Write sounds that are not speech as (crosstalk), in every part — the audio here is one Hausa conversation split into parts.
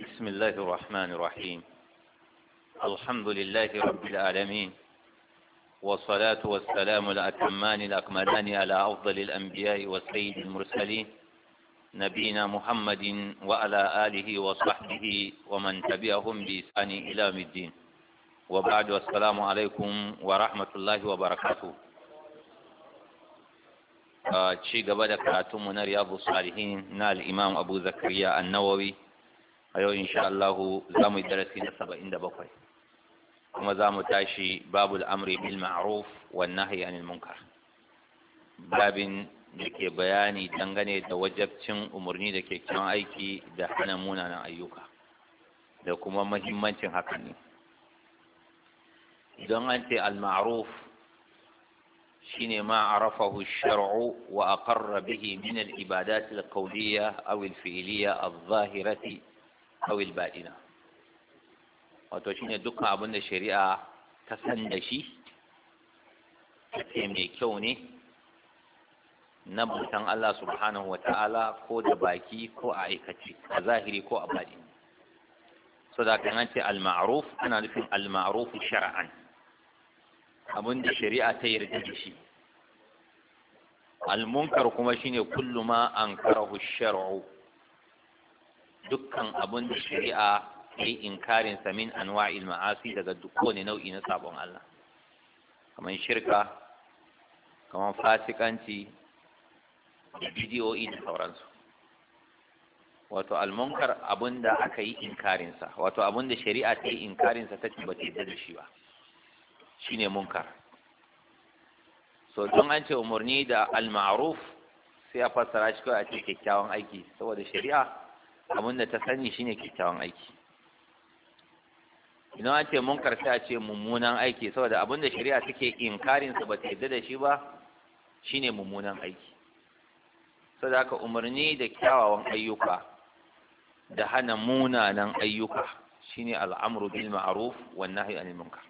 بسم الله الرحمن الرحيم الحمد لله رب العالمين والصلاة والسلام الأتمان الأكملان على أفضل الأنبياء والسيد المرسلين نبينا محمد وعلى آله وصحبه ومن تبعهم بإسان إلى الدين وبعد والسلام عليكم ورحمة الله وبركاته آه، شيء قبل da karatunmu الصالحين نال salihin أبو زكريا النووي a yau insha Allah za mu yi darasi na saba'in da bakwai kuma za mu tashi babu al'amri bil ma'ruf wa nahyi anil munkar babin da ke bayani dangane da wajabcin umarni da kyakkyawan aiki da hana munanan ayyuka da kuma mahimmancin hakan ne don an ce al-ma'ruf shine ma arafahu shar'u wa a bihi min al-ibadat al-qawliyya aw al awil baɗina wato shine dukkan abin shari'a ta san da shi ce mai kyau ne na bautan Allah subhanahu wa ta'ala ko da baki ko a aikace a zahiri ko a baɗi so da ce al-ma'ruf ana nufin al-ma'ruf shar'an abin shari'a ta yarda da shi Almunkar kuma shine kulluma ma ankarahu shar'u dukkan abin da shari'a ya yi inkarin samin min wa'il ma'asi daga kowane nau'i na sabon Allah kamar shirka kamar fasikanci da bidiyoyi da sauransu wato almunkar abin da aka yi inkarin wato abin da shari'a ta yi inkarin sa ta ce ba ta da shi ba Shi ne munkar so don an ce umarni da al-ma'ruf sai a fassara shi kawai a ce kyakkyawan aiki saboda shari'a abin da ta sani shine kyakkyawan aiki Ina a ce mun karshe a ce mummunan aiki saboda abin da shari'a take inkarin sa ba ta yadda da shi ba shine mummunan aiki saboda haka umarni da kyawawan ayyuka da hana munanan ayyuka shine al'amru bil ma'ruf wan nahyi anil munkar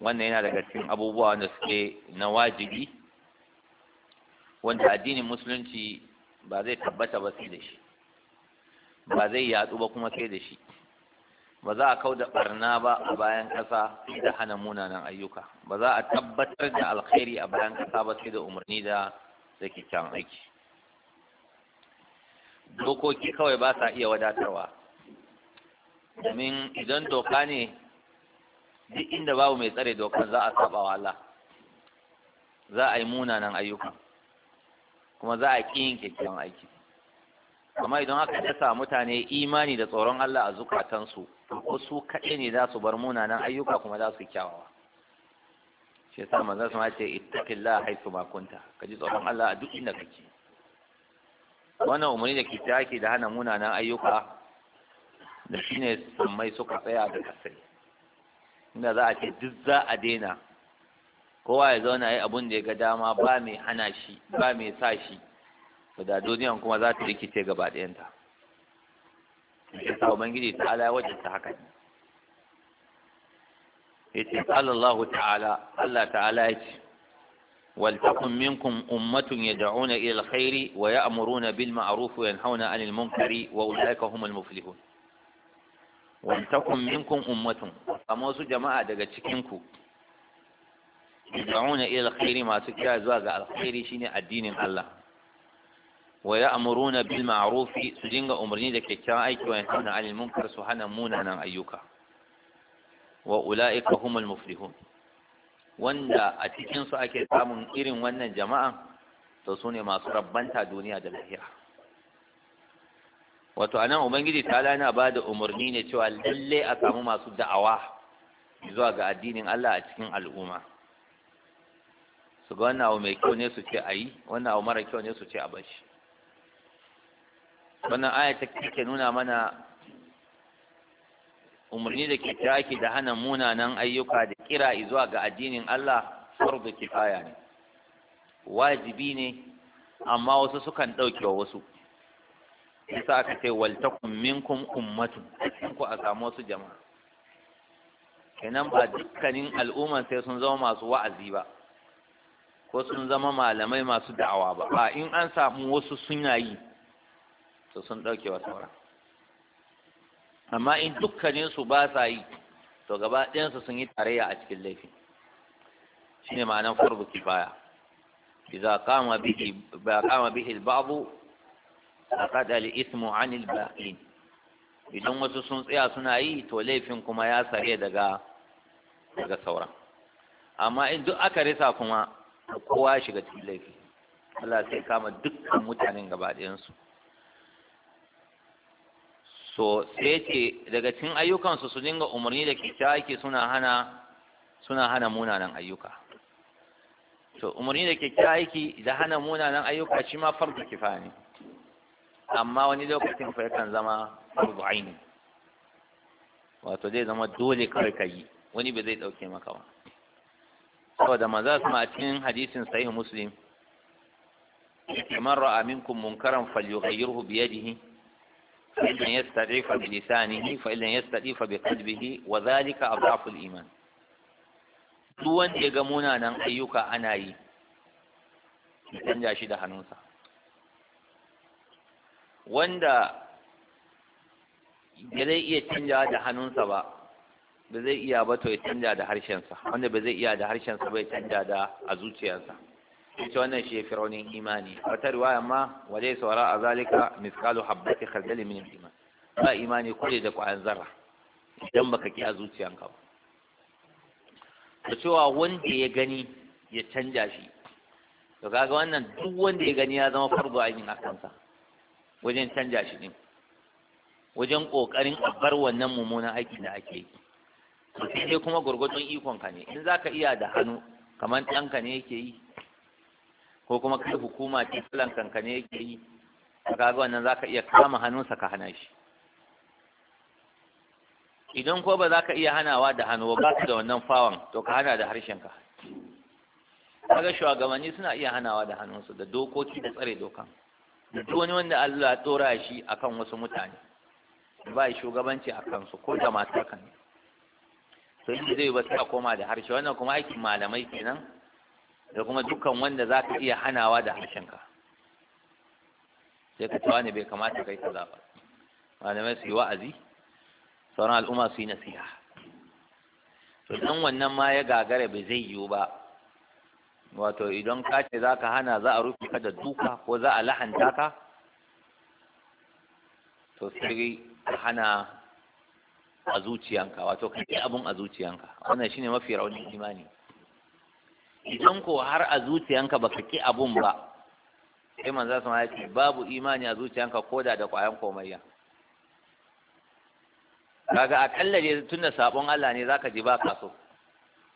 wannan yana daga cikin abubuwa wanda suke na wajibi wanda addinin musulunci ba zai tabbata ba sai da shi ba zai yatsu ba kuma sai da shi ba za a kau da barna ba a bayan ƙasa sai da hana munanan ayyuka ba za a tabbatar da alkhairi a bayan ƙasa ba sai da umarni da da kyakkyawan aiki dokoki kawai ba sa iya wadatarwa domin idan doka ne duk inda babu mai tsare dokan za a saba wa Allah za a yi munanan ayyuka kuma za a ƙi yin kyakkyawan aiki amma idan aka dasa mutane imani da tsoron Allah a zukatansu ko su kaɗai ne za su bar munanan ayyuka kuma za su kyawawa shi yasa manzon sama ce ittaqillah haythu ma kunta ka ji tsoron Allah a duk inda kake wannan umarni da kike yake da hana munanan ayyuka da shine sammai suka tsaya da kasai inda za a ce duk za a daina kowa ya zauna yi abun da ya ga dama ba mai hana shi ba mai sa shi da duniyan kuma za ta rikice gaba ɗayanta shi ta ubangiji ta ala wajen ta haka ne yace sallallahu ta'ala Allah ta'ala yace wal takum minkum ummatun yad'una ila alkhairi wa ya'muruna bil ma'ruf wa yanhauna 'anil munkari wa ulaika humul muflihun wal takum minkum ummatun amma wasu jama'a daga cikin ku yad'una ila alkhairi masu kira zuwa ga alkhairi shine addinin Allah wa ya'muruna bil ma'ruf su dinga umarni da kyakkyawan aiki wa yanhauna 'anil munkar su hana munanan ayyuka wa ula'ika humul muflihun wanda a cikin su ake samun irin wannan jama'a to sune masu rabbanta duniya da lahira wato anan ubangiji ta lana ba da umarni ne cewa lalle a samu masu da'awa zuwa ga addinin Allah a cikin al'umma su ga wannan abu mai kyau ne su ce a yi wannan abu mara kyau ne su ce a bashi wannan aya ta ke nuna mana umarni da ke ki da hana munanan ayyuka da kira zuwa ga addinin Allah fardu kifaya ne wajibi ne amma wasu sukan ɗauke wasu yasa aka ce waltakum minkum ummatun ku a samu wasu jama'a kenan ba dukkanin al'ummar sai sun zama masu wa'azi ba ko sun zama malamai masu da'awa ba ba in an samu wasu suna yi to sun ɗauke wa sauran amma in dukkaninsu ba sa yi to gaba ɗayansu sun yi tarayya a cikin laifin shi ne ma'anar farbu kifaya إذا kama bihi قام به البعض فقد ismu anil الباقين idan wasu sun tsaya suna yi to laifin kuma ya sare daga sauran amma in duk aka risa kuma kowa shiga cikin laifi Allah sai kama dukkan mutanen gaba to sai ce daga cikin ayyukansu su dinga umarni da kyakkyawaki suna hana suna hana munanan ayyuka to umarni da aiki da hana munanan ayyuka shi ma farko kifa amma wani lokacin fa yakan zama farko aini wato zai zama dole kar ka yi wani ba zai dauke maka ba saboda maza su ma cikin hadisin sahih muslim kamar ra'a minkum munkaran falyughayyirhu biyadihi فإن يستضعف بلسانه فإن يستضعف بقلبه وذلك أضعف الإيمان duk wanda ya ga munanan ayyuka ana yi ya canja shi da hannunsa wanda ba zai iya canja da hannunsa ba ba zai iya ba to ya canja da harshensa wanda ba zai iya da harshensa ba ya canja da a zuciyarsa ita wannan shi fi raunin imani wata riwaya ma waje saura a zalika miskalu habbati khardali min iman ba imani kure da kwayan zarra idan baka kiya a zuciyanka ba da cewa wanda ya gani ya canja shi to kaga wannan duk wanda ya gani ya zama fardu a a kansa wajen canja shi ne? wajen kokarin a bar wannan mummunan aiki da ake yi to sai dai kuma gurgurdun ikon ka ne in zaka iya da hannu kamar ɗanka ne yake yi ko kuma kai hukuma ce filan kankane yake yi kaga wannan zaka iya kama hannunsa ka hana shi idan ko ba za ka iya hanawa da hannu ba ka da wannan fawon to ka hana da harshenka kaga shugabanni suna iya hanawa da hannunsu da dokoki da tsare dokan duk wani wanda Allah ya tsora shi akan wasu mutane ba shugabanci a kansu ko da matar kan zai ba sai koma da harshe wannan kuma aikin malamai kenan da kuma dukkan wanda za ka iya hanawa da harshenka sai ka cewa ne bai kamata kai ka zaɓa. malamai su yi wa'azi sauran al'umma su yi nasiha to dan wannan ma ya gagara bai zai yiwu ba wato idan ka ce za ka hana za a rufe ka da duka ko za a lahanta ka to sai ka hana a zuciyanka wato ka abin a zuciyanka wannan shine mafi raunin imani idan ko har a zuciyanka baka ki abun ba sai manzo sun ce babu imani a zuciyanka ko da da kwayan komayya kaga akalla tun tunda sabon Allah ne zaka ji ba kaso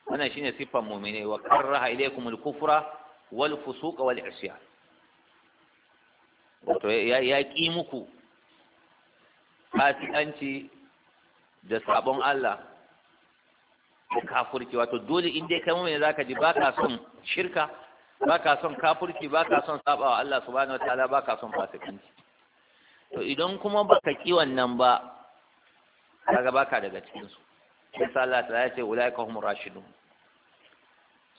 wannan shine siffan mu'mini wa karaha ilaykumul kufra wal fusuq wal isyan wato ya ki muku fasikanci da sabon Allah ko kafurki wato dole in dai kai mu'min zaka ji ba ka son shirka ba ka son kafurki ba ka son sabawa Allah subhanahu wataala ba ka son fasikanci to idan kuma baka ki wannan ba kaga baka daga cikin su sai Allah ta ya ce ulaika hum rashidun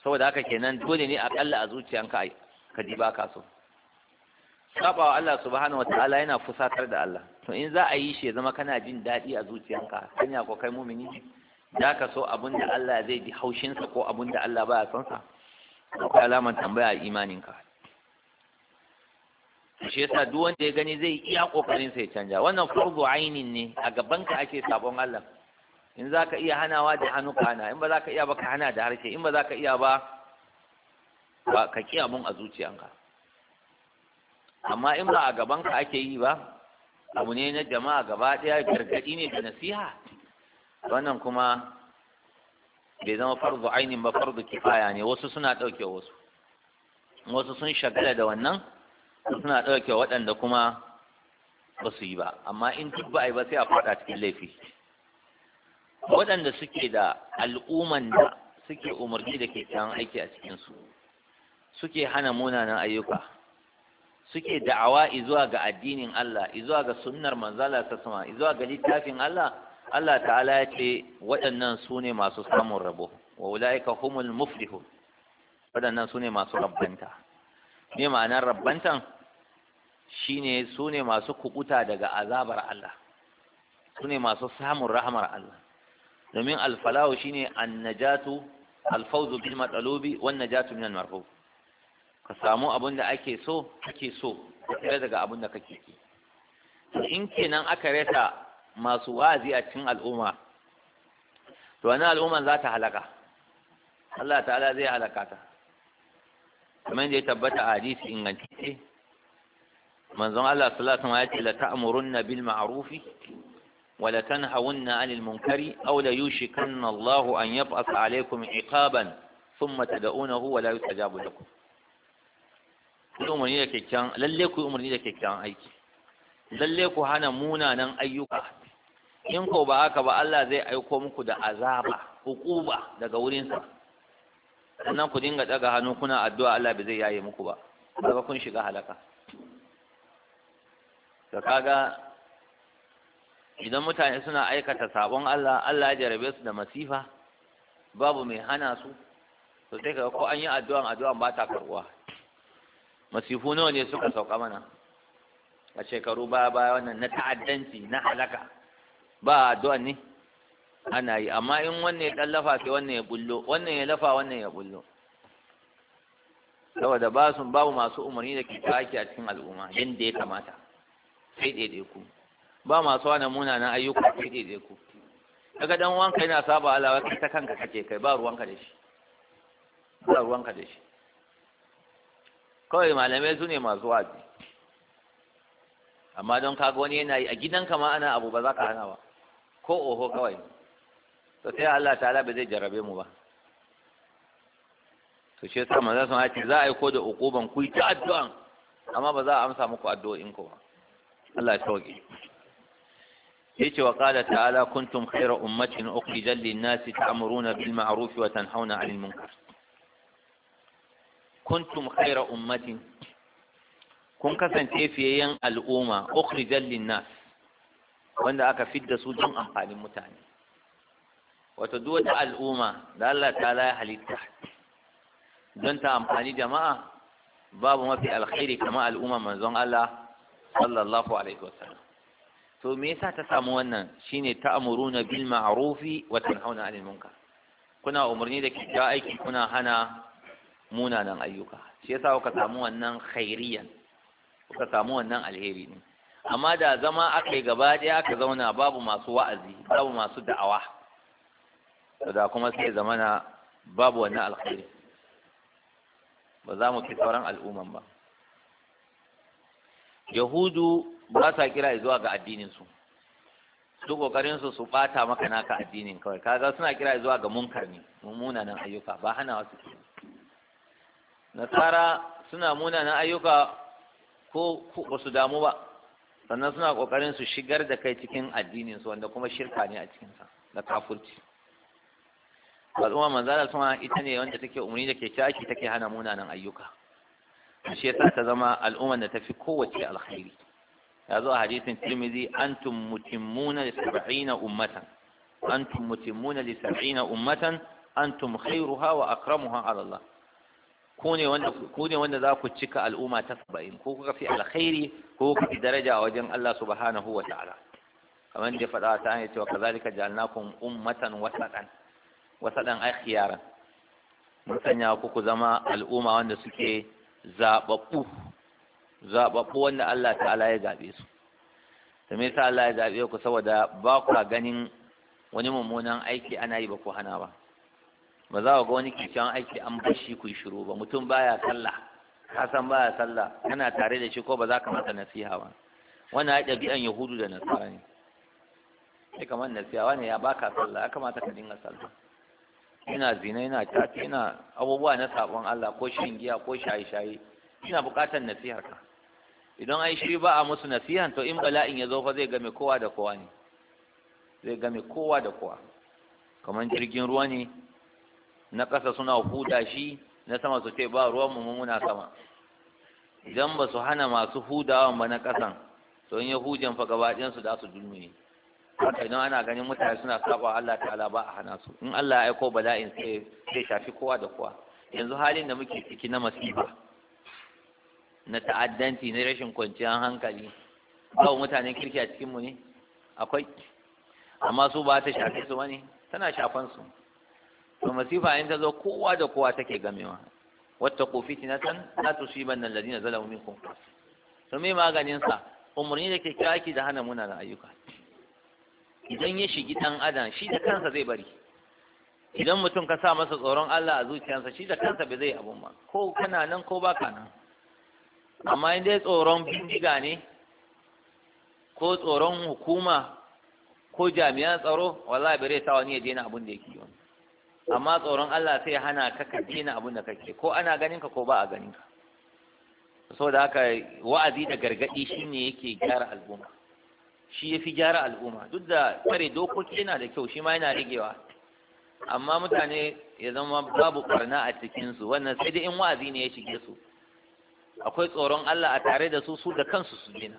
saboda haka kenan dole ne akalla a zuciyanka ka ji ba ka so sabawa Allah subhanahu wataala yana fusatar da Allah to in za a yi shi ya zama kana jin daɗi a zuciyanka kan ko kai mumini ne za ka so abin da Allah zai ji haushinsa ko abin da Allah baya son sa akwai alamar tambaya a imaninka shi yasa duk wanda ya gani zai iya kokarin sai canja wannan furgo ainin ne a gaban ka ake sabon Allah in za ka iya hanawa da hannu ka hana in ba za ka iya ba ka hana da harshe in ba za ka iya ba ba ka kiya mun a zuciyanka amma in ba a gaban ka ake yi ba abu ne na jama'a gaba daya gargadi ne da nasiha wannan kuma bai zama farzu ainihin ba farzu kifaya ne wasu suna ɗauke wasu wasu sun shagala da wannan suna ɗauke waɗanda kuma ba su yi ba amma in duk ba a yi ba sai a faɗa cikin laifi waɗanda suke da al'umman da suke umarni da ke kyan aiki a cikinsu suke hana munanan ayyuka suke da'awa izuwa ga addinin Allah izuwa ga sunnar manzala ta sama izuwa ga littafin Allah Allah ta'ala ya ce waɗannan su ne masu samun rabo wa ula'ika humul muflihu waɗannan su ne masu rabbanta ne ma'anar rabbantan shi ne su ne masu kubuta daga azabar Allah su ne masu samun rahamar Allah domin alfalawo shi ne annajatu alfauzu bil matsalobi wannan jatu minan marfu ka samu abin da ake so ake so ka tsira daga abin da kake so. in kenan aka resa masu wa'azi a cikin al'umma to wannan al'umman za ta halaka Allah ta'ala zai halaka ta kamar da ya tabbata a hadisi ingantacce manzon Allah sallallahu alaihi wasallam ya ce la ta'murunna bil ma'rufi wa la tanhawunna 'anil munkari aw la yushikanna Allahu an yab'ath 'alaykum 'iqaban thumma tad'unahu wa la yustajabu lakum ku umarni da kyakkyawan lalle ku umarni da kyakkyawan aiki lalle ku hana munanan ayyuka in ko ba haka ba Allah zai aiko muku da azaba hukuba daga wurinsa sannan ku dinga daga hannu kuna addu'a Allah ba zai yaye muku ba ba kun shiga halaka da kaga idan mutane suna aikata sabon Allah Allah ya jarabe su da masifa babu mai hana su to sai kaga ko an yi addu'a addu'a ba ta karbuwa masifu nawa ne suka sauka mana a shekaru ba ba wannan na ta'addanci na halaka ba addu'a ne ana yi amma in wannan ya dan lafa sai wannan ya bullo wannan ya lafa wannan ya bullo saboda ba su babu masu umarni da ke taki a cikin al'umma yadda ya kamata sai ɗaiɗai ku ba masu wani munanan ayyuka sai ɗaiɗai ku daga dan wanka yana saba alawa ta kanka kake kai ba ruwanka da shi ba ruwanka da shi kawai malamai su ne masu wazi amma don kaga wani yana yi a gidanka ma ana abu ba za ka hana ba ko oho kawai to sai Allah ta'ala ba zai jarabe mu ba to shi yasa manzo sun ce za a yi ko da ukuban ku ta addu'an amma ba za a amsa muku addu'o'in ku ba Allah ya sauke yace wa qala ta'ala kuntum khayra ummatin ukhrijat lin-nasi ta'muruna bil ma'ruf wa tanhauna 'anil munkar kuntum khayra ummatin kun kasance fiyayyen al'umma ukhrijat lin-nas wanda aka fidda su don amfanin mutane Wata duk wata al'umma da Allah ta ya halitta don ta amfani jama'a babu mafi alkhairi kama al'umma manzon Allah sallallahu alaihi wasallam to me yasa ta samu wannan shine amuruna bil ma'rufi wa tanhauna 'anil munkar kuna umarni da kyakkyawan aiki kuna hana munanan ayyuka shi yasa kuka samu wannan khairiyan kuka samu wannan alheri ne amma da zama aka yi gaba ɗaya aka zauna babu masu wa'azi babu masu da'awa da kuma sai zamana babu wannan alkhairi ba za mu fi sauran al'umman ba yahudu ba sa kira zuwa ga addininsu su ƙoƙarinsu su bata maka naka addinin kawai kaga suna kira zuwa ga munkar ne munanan ayyuka ba hana wasu nasara suna munanan ayyuka ko ba su damu ba sannan suna kokarin su shigar da kai cikin addinin su wanda kuma shirka ne a cikin sa da kafirci al'umma manzala suna ita ne wanda take umarni da ke kyaki take hana munanan ayyuka shi yasa ta zama al'umman da tafi kowace alkhairi ya zo a hadisin tirmidhi antum mutimmuna li sab'ina ummatan antum mutimmuna li sab'ina ummatan antum khairuha wa akramuha ala Allah ku ne wanda za ku cika al'umma ta saba'in ko kuka fi alkhairi ko kuka fi daraja a wajen Allah subhanahu wa ta'ala kamar da faɗa ta hanyar cewa kazalika ja'alnakum ummatan wasatan wasadan ay khiyaran mun sanya ku ku zama al'umma wanda suke zababbu zababbu wanda Allah ta'ala ya zabe su to me yasa Allah ya zabe ku saboda ba ku ganin wani mummunan aiki ana yi ba ku hana ba ba za a ga wani kyakkyawan aiki an bar shi ku yi shiru ba mutum baya sallah ka san baya sallah yana tare da shi ko ba za ka masa nasiha ba wannan ya ɗabi'an yahudu da nasara ne sai kamar nasiha wani ya baka sallah ya kamata ka dinga sallah ina zina ina tati ina abubuwa na sabon Allah ko shan giya ko shaye-shaye ina buƙatar nasihar ka idan ai shi ba a musu nasiha to in bala'in ya zo fa zai game kowa da kowa ne zai game kowa da kowa kamar jirgin ruwa ne na ƙasa suna huda shi na sama su ce ba ruwan mu muna sama idan ba su hana masu hudawan ba na ƙasan to in yahujan fa gabaɗin su da su dulmi haka idan ana ganin mutane suna saba Allah ta'ala ba a hana su in Allah ya aiko bala'in sai sai shafi kowa da kowa yanzu halin da muke ciki na masifa na ta'addanci na rashin kwanciyar hankali ba mutanen kirki a cikin mu ne akwai amma su ba ta shafe su bane tana shafan su to masifa in ta zo kowa da kowa take gamewa wata wattaqu fitnatan la tusibanna alladhina zalamu minkum to me maganin sa umurni da ke ki da hana munana ayyuka idan ya shigi dan adam shi da kansa zai bari idan mutum ka sa masa tsoron Allah a zuciyarsa shi da kansa bai zai abun ba ko kana nan ko baka nan amma in dai tsoron bindiga ne ko tsoron hukuma ko jami'an tsaro wallahi bai rai wani ya daina abun da yake yi amma tsoron Allah sai hana ka ka dina abin da kake ko ana ganin ka ko ba a ganin ka saboda haka wa'azi da gargadi shine yake gyara al'umma shi yafi gyara al'umma duk da kare dokoki yana da kyau shi ma yana rigewa amma mutane ya zama babu barna a cikin su wannan sai dai in wa'azi ne ya shige su akwai tsoron Allah a tare da su su da kansu su dina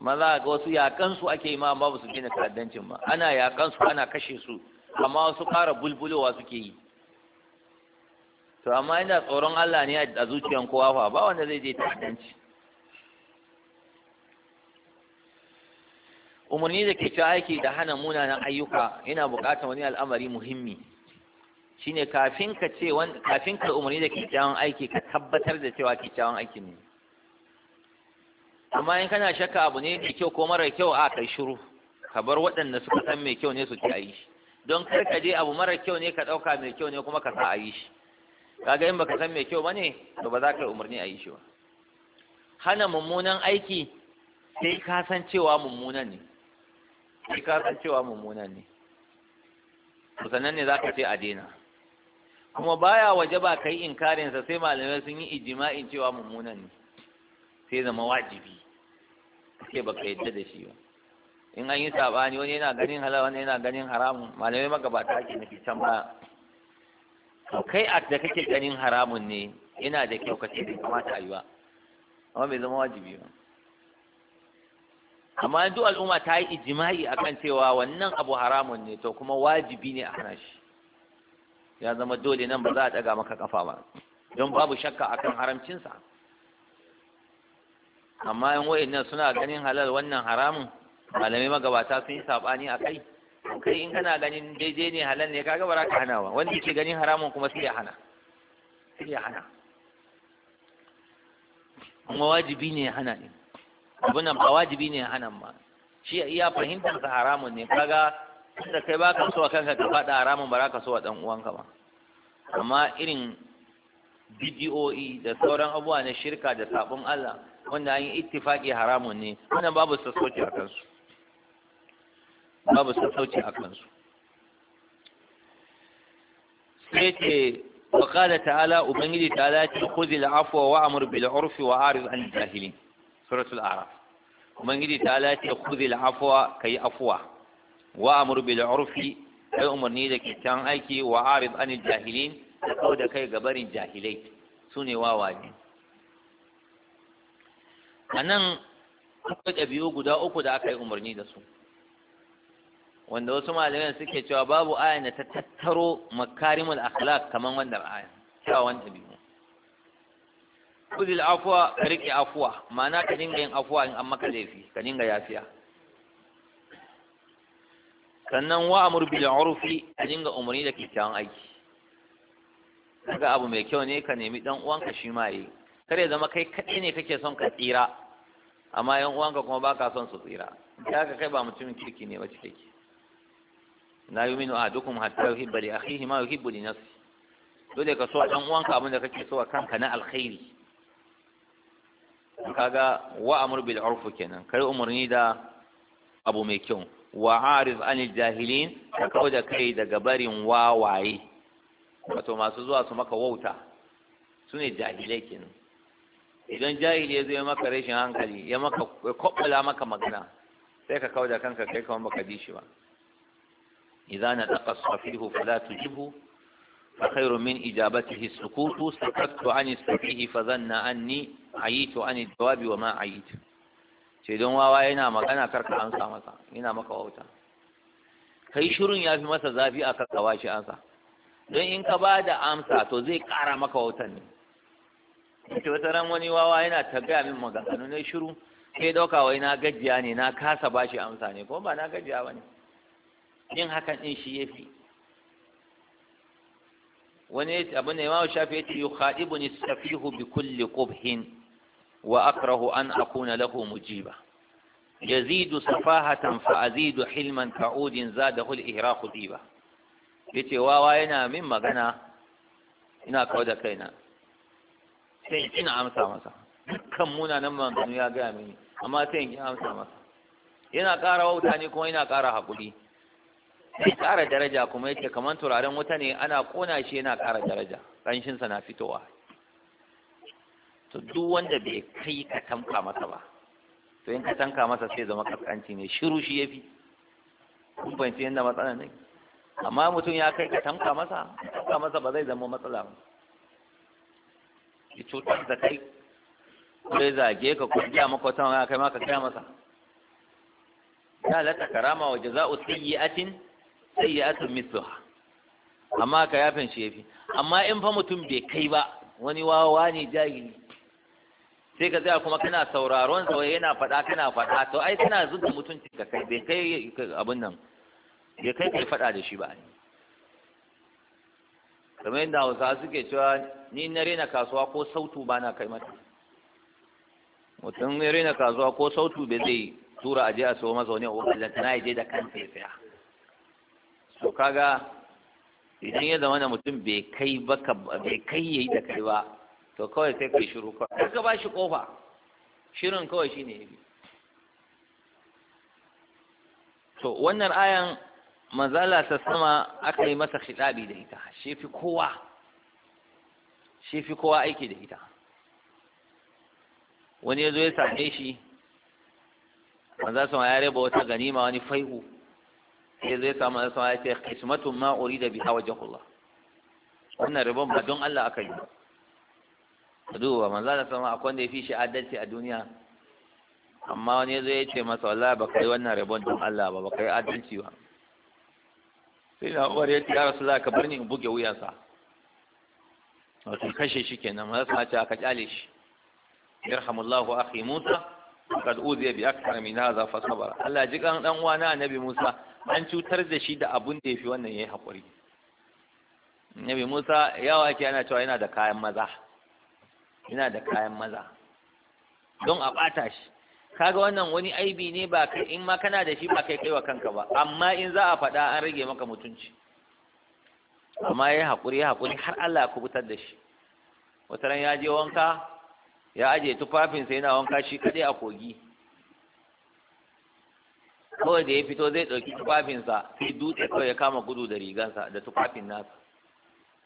Maza ga wasu yakan ake yi ma babu su dina ta'addancin ba ana yakan ana kashe su amma wasu ƙara bulbulowa suke yi to amma ina tsoron Allah ne a zuciyan kowa fa ba wanda zai je ta'addanci umarni da ke ci aiki da hana munanan ayyuka yana buƙatar wani al'amari muhimmi shine kafin ka ce kafin ka umarni da kyakkyawan aiki ka tabbatar da cewa kyakkyawan aiki ne amma in kana shakka abu ne mai kyau ko mara kyau a kai shiru ka bar waɗanda suka san mai kyau ne su ci aiki don kar ka je abu mara kyau ne ka ɗauka mai kyau ne kuma ka sa a yi shi kaga in baka san mai kyau bane to ba za ka yi umarni a yi shi ba hana mummunan aiki sai ka san cewa mummunan ne sai ka san cewa mummunan ne to sannan ne za ka ce a daina kuma baya waje ba kai inkarin sa sai malamai sun yi ijima'in cewa mummunan ne sai zama wajibi sai baka yadda da shi ba in an yi sabani wani yana ganin halal wani yana ganin haramun malamai magabata ake nufi can ba to kai a da kake ganin haramun ne yana da kyau kace bai kamata a yi ba amma bai zama wajibi ba amma duk al'umma ta yi a akan cewa wannan abu haramun ne to kuma wajibi ne a hana shi ya zama dole nan ba za a daga maka kafa ba don babu shakka akan haramcinsa amma in wa'annan suna ganin halal wannan haramun malamai magabata sun yi saɓani a kai kai in kana ganin daidai ne halal ne kaga ba ka hana ba wanda yake ganin haramun kuma sai ya hana sai ya hana kuma wajibi ne ya hana ne abin nan ba wajibi ne ya hana ma shi iya fahimtar sa haramun ne kaga da kai baka so kanka ka faɗa haramun ba ka so wa dan uwanka ba amma irin bidiyoyi da sauran abubuwa na shirka da sabon Allah wanda an yi ittifaqi haramun ne wannan babu sassauci a kansu babu sassauci a kansu sai ce wa kala ta'ala ubangiji ta'ala ce khudhi al-afwa wa amur bil urfi wa arif an jahilin suratul araf ubangiji ta'ala ce khudhi al-afwa kai afwa wa amur bil urfi kai umarni da kyakkyawan aiki wa arif an jahilin da kau da kai gabarin jahilai sune wawaye anan akwai ɗabi'u guda uku da aka yi umarni da su wanda wasu malamai suke cewa babu ayan da ta tattaro makarimul akhlaq kaman wannan aya cewa wannan dabi'u kuzil afwa ka rike afwa ma'ana ka dinga yin afwa in an maka laifi ka dinga yafiya sannan wa amur bil urfi ka dinga umarni da kyakkyawan aiki daga abu mai kyau ne ka nemi dan uwanka shi ma yi kare zama kai kaɗai ne kake son ka tsira amma yan uwanka kuma baka son su tsira kaga kai ba mutumin kirki ne ba cikakke la yu'minu ahadukum hatta yuhibba li akhihi ma yuhibbu li nafsihi dole ka so a dan uwanka abin da kake so a kanka na alkhairi kaga wa amur bil urf kenan kai umarni da abu mai kyau wa ariz anil jahilin ka kawo da kai daga barin wawaye wato masu zuwa su maka wauta su ne jahilai kenan idan jahili ya zo ya maka rashin hankali ya maka kwakwala maka magana sai ka kawo da kanka kai kamar baka ji shi ba إذا نطق الصفيه فلا تجبه فخير من إجابته السكوت سكت عن السفيه فظن أني عييت عن الجواب وما عييت سيدون واوا yana magana ka amsa masa yana maka wauta kai shirin fi masa zafi a kakawa shi ansa don in ka ba da amsa to zai kara maka wautan ne ita wata ran wani wawa yana tabbaya min maganganu ne shiru sai dauka wai na gajiya ne na kasa bashi amsa ne ko ba na gajiya ba ne In hakan din shi ya fi. wani abu ne imamu shafi ya ce yukhadibuni safihu bi kulli qubhin wa akrahu an akuna lahu mujiba yazidu safahatan fa azidu hilman ka'udin zadahu al-ihraqu diba yace wawa yana min magana ina kawo da kaina sai ina amsa masa dukkan nan maganganu ya gaya mini amma sai in amsa masa yana ƙara wauta ne kuma yana ƙara haƙuri sai ƙara daraja kuma yake kamar turaren wuta ne ana ƙona shi yana ƙara daraja ƙanshinsa na fitowa to duk wanda bai kai ka tanka masa ba to in ka tanka masa sai zama ƙasƙanci ne shiru shi ya fi kun fahimci yadda matsala ne amma mutum ya kai ka tanka masa tanka masa ba zai zama matsala ba ki cutar da kai ko ya zage ka ko ya maka wata kai ma ka kai masa ya lata karama wa jaza'u sayyi'atin sai ya atu misluha amma ka yafin shi yafi amma in fa mutum bai kai ba wani wawa ne jahili sai ka tsaya kuma kana sauraron sa yana faɗa kana faɗa to ai kana zuba mutunci ka kai bai kai abin nan bai kai kai faɗa da shi ba ne kamar yadda hausa suke cewa ni na rena kasuwa ko sautu ba na kai mata mutum ya rena kasuwa ko sautu bai zai tura aje a so masa wani a na je da kanta ya saya to kaga idan ya zama mutum bai kai ba bai yayi da kai ba to kawai sai kai shiru kawai ka ba shi kofa shirin kawai shine yabi to wannan ayan mazala ta sama aka yi masa khitabi da ita shi fi kowa shi fi kowa aiki da ita wani ya zo ya same shi manzala sama ya raba wata ganima wani faihu. sai zai samu an sama ya ce kismatun ma da biha wajhullah wannan ribon ba don Allah aka yi ba duba manzo da sama akwai wanda ya fi shi adalci a duniya amma wani zai ya ce masa wallahi ba kai wannan ribon don Allah ba ba kai adalci ba sai na uwar ya ce ya rasu ka bar ni in buge wuyansa wato kashe shi kenan manzo sama ce aka kyale shi yarhamullahu akhi Musa kad uziya bi akthar min hadha fa sabara Allah ji kan dan uwa na annabi Musa an cutar da shi da abun da yafi wannan yayi hakuri Annabi Musa yawa yake ana cewa yana da kayan maza yana da kayan maza don a bata shi kaga wannan wani aibi ne ba kai in ma kana da shi ba kai kaiwa kanka ba amma in za a faɗa an rage maka mutunci amma yayi hakuri ya hakuri har Allah ya kubutar da shi wataran ya je wanka ya ajiye tufafinsa yana wanka shi kaɗai a kogi kawai da ya fito zai ɗauki tufafinsa sai dutse kawai ya kama gudu da rigansa da tufafin nasa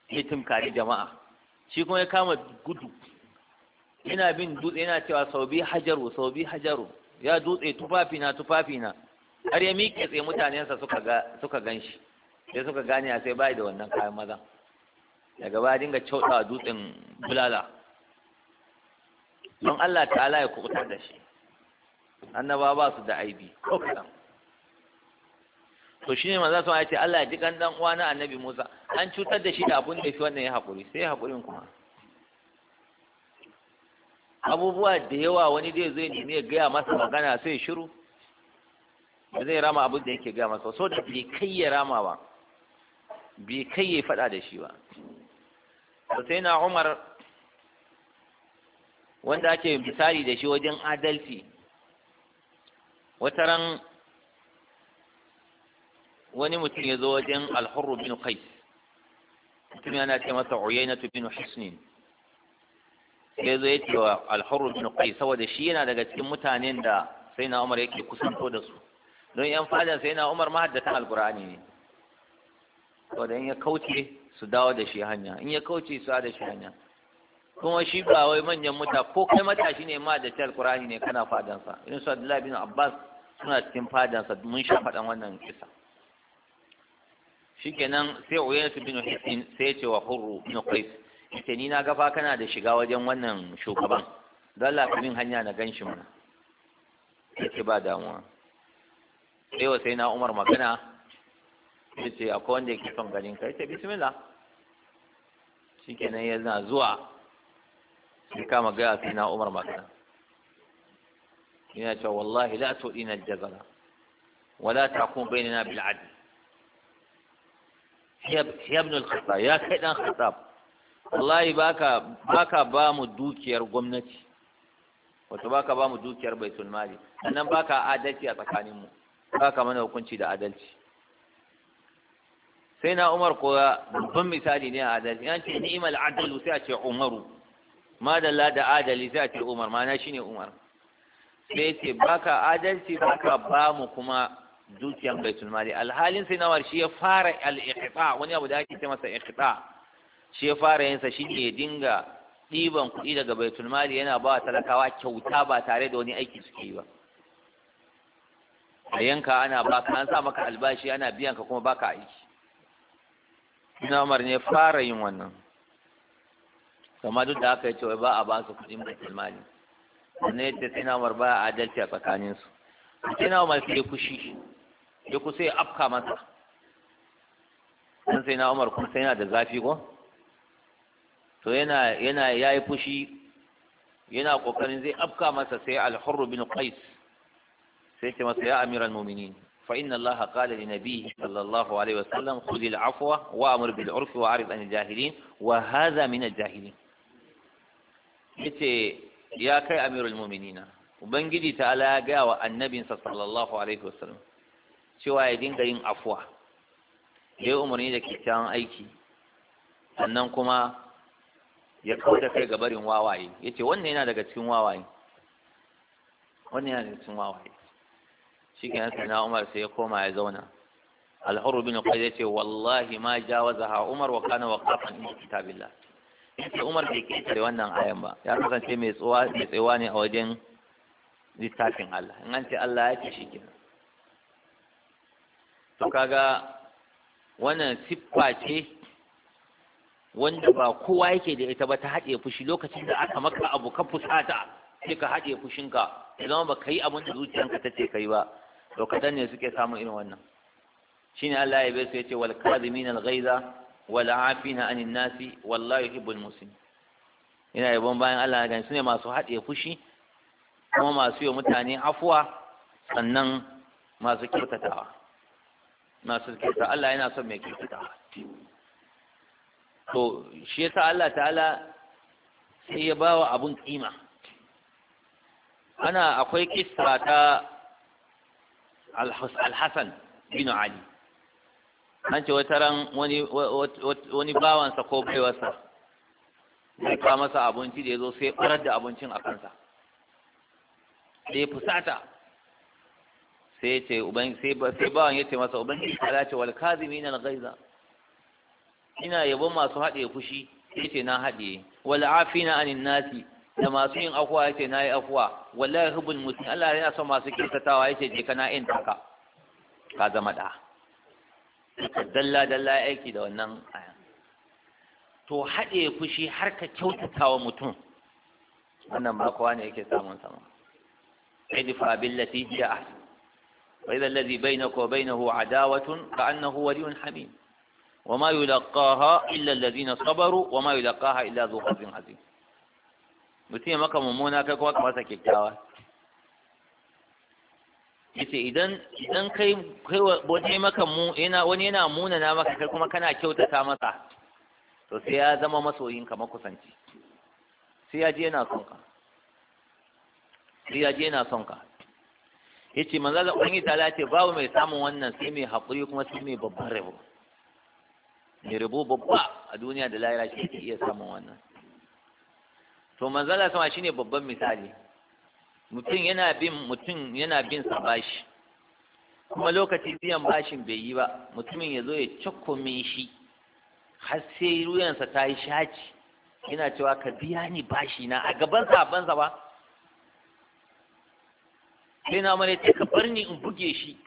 ya tunkari jama'a shi kuma ya kama gudu yana bin dutse yana cewa sau bi hajaru sau bi hajaru ya dutse tufafina tufafina har ya miƙe tsaye mutanensa suka gan shi sai suka gane a sai bai da wannan kayan maza daga baya dinga cauɗa dutsen bulala don Allah ta'ala ya kubutar da shi annaba ba su da aibi ko kaɗan to su ma sun ce Allah ya ji kan uwa na annabi Musa an cutar da shi da abun da shi wannan ya haƙuri sai ya haƙurin kuma abubuwa da yawa wani zai zai nemi ya gaya masa magana sai shiru ba zai rama abin da yake gaya masa so da bai kai ya rama ba bai kai ya faɗa da shi ba sai na Umar wanda ake misali da shi wajen adalci wataran wani mutum ya zo wajen alhurru bin kai, mutum yana ce masa uyainatu bin hisnin ya zo ya ce wa alhurru bin kai saboda shi yana daga cikin mutanen da sai na umar yake kusanto da su don yan fadan sai na umar mahaddatan alkurani ne saboda in ya kauce su dawo da shi hanya in ya kauce su da shi hanya kuma shi ba wai manyan muta ko kai matashi ne ma da tar qur'ani ne kana fadansa in su abdullahi bin abbas suna cikin fadansa mun sha fadan wannan kisa shikenan sai uyansu bin hisin sai ce wa huru, bin qais ce ni na gafa kana da shiga wajen wannan shugaban don lafinin hanya na gan shi mana ce ba damuwa sai wa sai na umar magana ya ce akwai wanda yake son ganin ka ya ce bismillah shikenan yana zuwa ya kama gaya a sina umar magana yana cewa wallahi la tu'ina ina jazala wala takun na bil adl ya ibn al-khattab ya kai dan khattab wallahi baka baka ba mu dukiyar gwamnati wato baka ba mu dukiyar baitul mali sannan baka adalci a tsakanin mu baka mana hukunci da adalci sai na umar ko babban misali ne a adalci yana ce ni'mal Adalu sai a ce umaru madalla da adali sai a ce umar mana shine umar sai ce baka adalci baka ba mu kuma dukiyan baitul mali alhalin sai nawar shi ya fara al-iqta wani abu da ake ce masa iqta shi ya fara yin sa shine ya dinga ɗiban kuɗi daga baitul mali yana ba talakawa kyauta ba tare da wani aiki suke ba a yanka ana baka an sa maka albashi ana biyan ka kuma baka aiki Ina Umar ne fara yin wannan kama duk da aka yi cewa ba a ba su kuɗin musulmani. mali sannan yadda sai na ba a adalci a tsakaninsu sai na umar sai kushi ya kusa ya afka masa dan sai na umar kuma sai yana da zafi ko to yana yana yi fushi yana kokarin zai afka masa sai al bin qais sai ce masa ya amiral mu'minin fa inna allah qala li nabiyhi sallallahu alaihi wasallam khudh al-afwa wa amr bil urfi wa arid anil jahilin wa hadha min al-jahilin yace ya kai amirul mu'minina ubangiji ta ala ya gaya wa annabinsa sallallahu alaihi wasallam cewa ya dinga yin afuwa ya yi umarni da kyakkyawan aiki sannan kuma ya kawo da kai gabarin wawaye ya ce wannan yana daga cikin wawaye wannan yana daga cikin wawaye shi ke nasa na umar sai ya koma ya zauna alhuru bin ya ce wallahi ma jawaza ha umar wa kana wa kafan in kitabillah sai Umar bai ketare wannan ayan ba ya kasance mai tsowa mai tsewa ne a wajen littafin Allah in an ce Allah ya ce shi kenan to kaga wannan siffa ce wanda ba kowa yake da ita ba ta haɗe fushi lokacin da aka maka abu ka fusata sai ka haɗe fushinka ya zama ba ka yi abin da zuciyanka ta ce ka yi ba to kadan ne suke samun irin wannan shine Allah ya bai su ya ce wal kazimin al ghaiza wal afina anin nasi wallahi yuhibbul muslimin ina yabon bayan Allah ga su ne masu haɗe fushi kuma masu yi mutane afuwa sannan masu kyautatawa masu kyautatawa Allah yana son mai kyautatawa to shi yasa Allah ta'ala sai ya bawa abun kima ana akwai kissa ta al-Hasan bin Ali an ce wata ran wani bawansa ko baiwarsa zai ka masa abinci da ya zo sai ɓarar da abincin a kansa da ya fusata sai ce sai bawan ya ce masa ubangiji ala ce wal kazimi na gaiza ina yabon masu haɗe fushi sai ce na haɗe wal afina anin nasi da masu yin afuwa ya ce na yi afuwa wallahi hubun mutum Allah ya son masu kirkatawa ya ce je kana in taka ka zama ɗa dalla dalla aiki da wannan aya to haɗe fushi har ka kyautata wa mutum wannan ba kowa ne yake samun sama idfa billati hiya ahsan wa idha alladhi bainaka wa bainahu adawatun ka annahu waliyyun hamim وما يلقاها إلا الذين صبروا وما يلقاها إلا ذو حظ عظيم mutum ya maka mummuna kai kuma ka masa kyakkyawa yace idan idan kai kai wani maka mu yana wani yana munana maka kai kuma kana kyautata masa to sai ya zama masoyin ka makusanci sai ya je yana son ka sai ya je yana son ka yace manzo Allah ubangi ta ce babu mai samun wannan sai mai hakuri kuma sai mai babban rabo mai rabo babba a duniya da lahira shi ke iya samun wannan to manzo Allah sama shine babban misali mutum yana bin mutum yana bin sa bashi kuma lokaci biyan bashin bai yi ba mutumin ya zo ya cakkome shi har sai ruyansa ta yi shaci yana cewa ka biya ni bashi na a gaban sabansa ba sai na mana ce ka bar ni in buge shi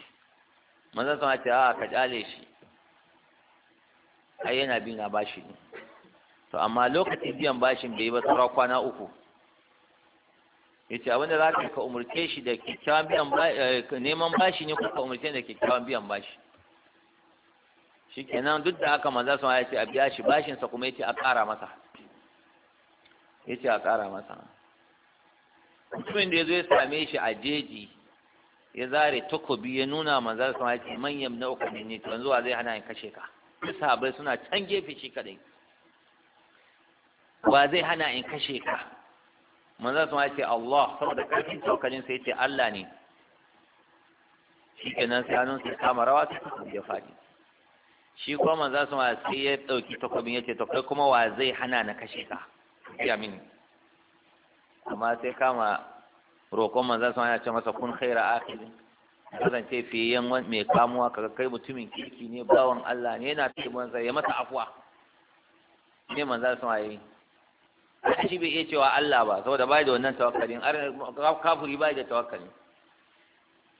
manzon sama ce a ka jale shi ai yana bin na bashi ne to amma lokacin biyan bashin bai ba tsara kwana uku yace abinda za ka ka umurce shi da kyakkyawan biyan eh, neman bashi ne ko ka umurce da kyakkyawan biyan bashi shikenan duk da haka manzo sun yace a biya shi bashin sa kuma yace a ƙara masa yace a ƙara masa mutumin da yazo ya same shi a jeji ya zare takobi ya nuna manzo sun yace manyan na uku ne to yanzu zai hana in kashe ka sabai suna can gefe shi kadai ba zai hana in kashe ka manzan sun ce Allah saboda ƙarfin saukarin sai ce Allah ne shikenan sai hannun sai kama rawa sai ya faɗi shi kuma manzan sun sai ya dauki takobin ce to kai kuma wa zai hana na kashe ka ya min amma sai kama roƙon manzan sun ya masa kun khaira akhirin kasance fiye mai kamuwa kaga kai mutumin kirki ne bawan Allah ne yana taimakon manzan ya masa afuwa ne manzan sun ya yi shi bai iya cewa Allah ba saboda bai da wannan tawakkalin ar kafiri bai da tawakkali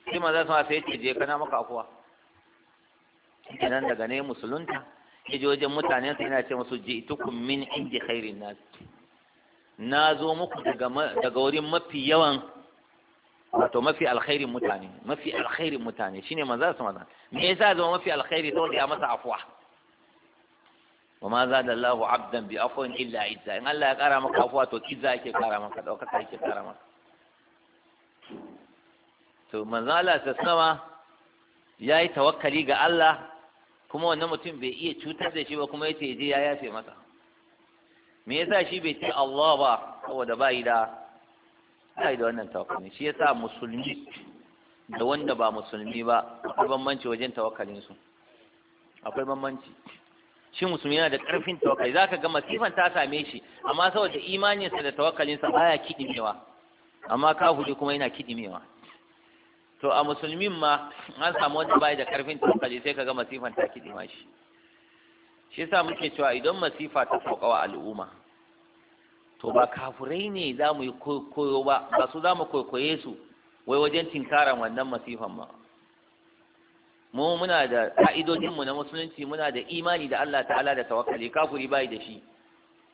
shi manzo sama sai ce je kana maka akuwa kenan daga ne musulunta yaje wajen mutanen sa yana ce musu ji'tukum min indi khairin nas na zo muku daga daga wurin mafi yawan wato mafi alkhairin mutane mafi alkhairin mutane shine manzo sama me yasa zama mafi alkhairi saboda ya masa afuwa wa ma da Allahu abdan bi afwan illa izza in Allah ya kara maka afuwa to izza yake kara maka daukaka yake kara maka to manzo Allah ta sama yi tawakkali ga Allah kuma wannan mutum bai iya cutar da shi ba kuma yace je ya yafe masa me yasa shi bai ce Allah ba saboda yi da yi da wannan tawakkali shi yasa musulmi da wanda ba musulmi ba akwai bambanci wajen tawakkalin su akwai bambanci shi musulmi yana da ƙarfin tawakali? Za ka ga masifan ta same shi amma saboda imaninsa da tawakalinsa baya kiɗimewa amma huɗu kuma yana kiɗimewa to a musulmin ma an samu wanda baya da ƙarfin tawakali sai ka ga masifan ta kiɗima shi shi yasa muke cewa idan masifa ta saukawa al'umma to ba kafurai ne za mu yi koyo ba ba su za mu koyoye su wai wajen tinkaran wannan masifan ba mu muna da ka'idojin mu na musulunci muna da imani da Allah ta'ala da tawakkali kafuri bai da shi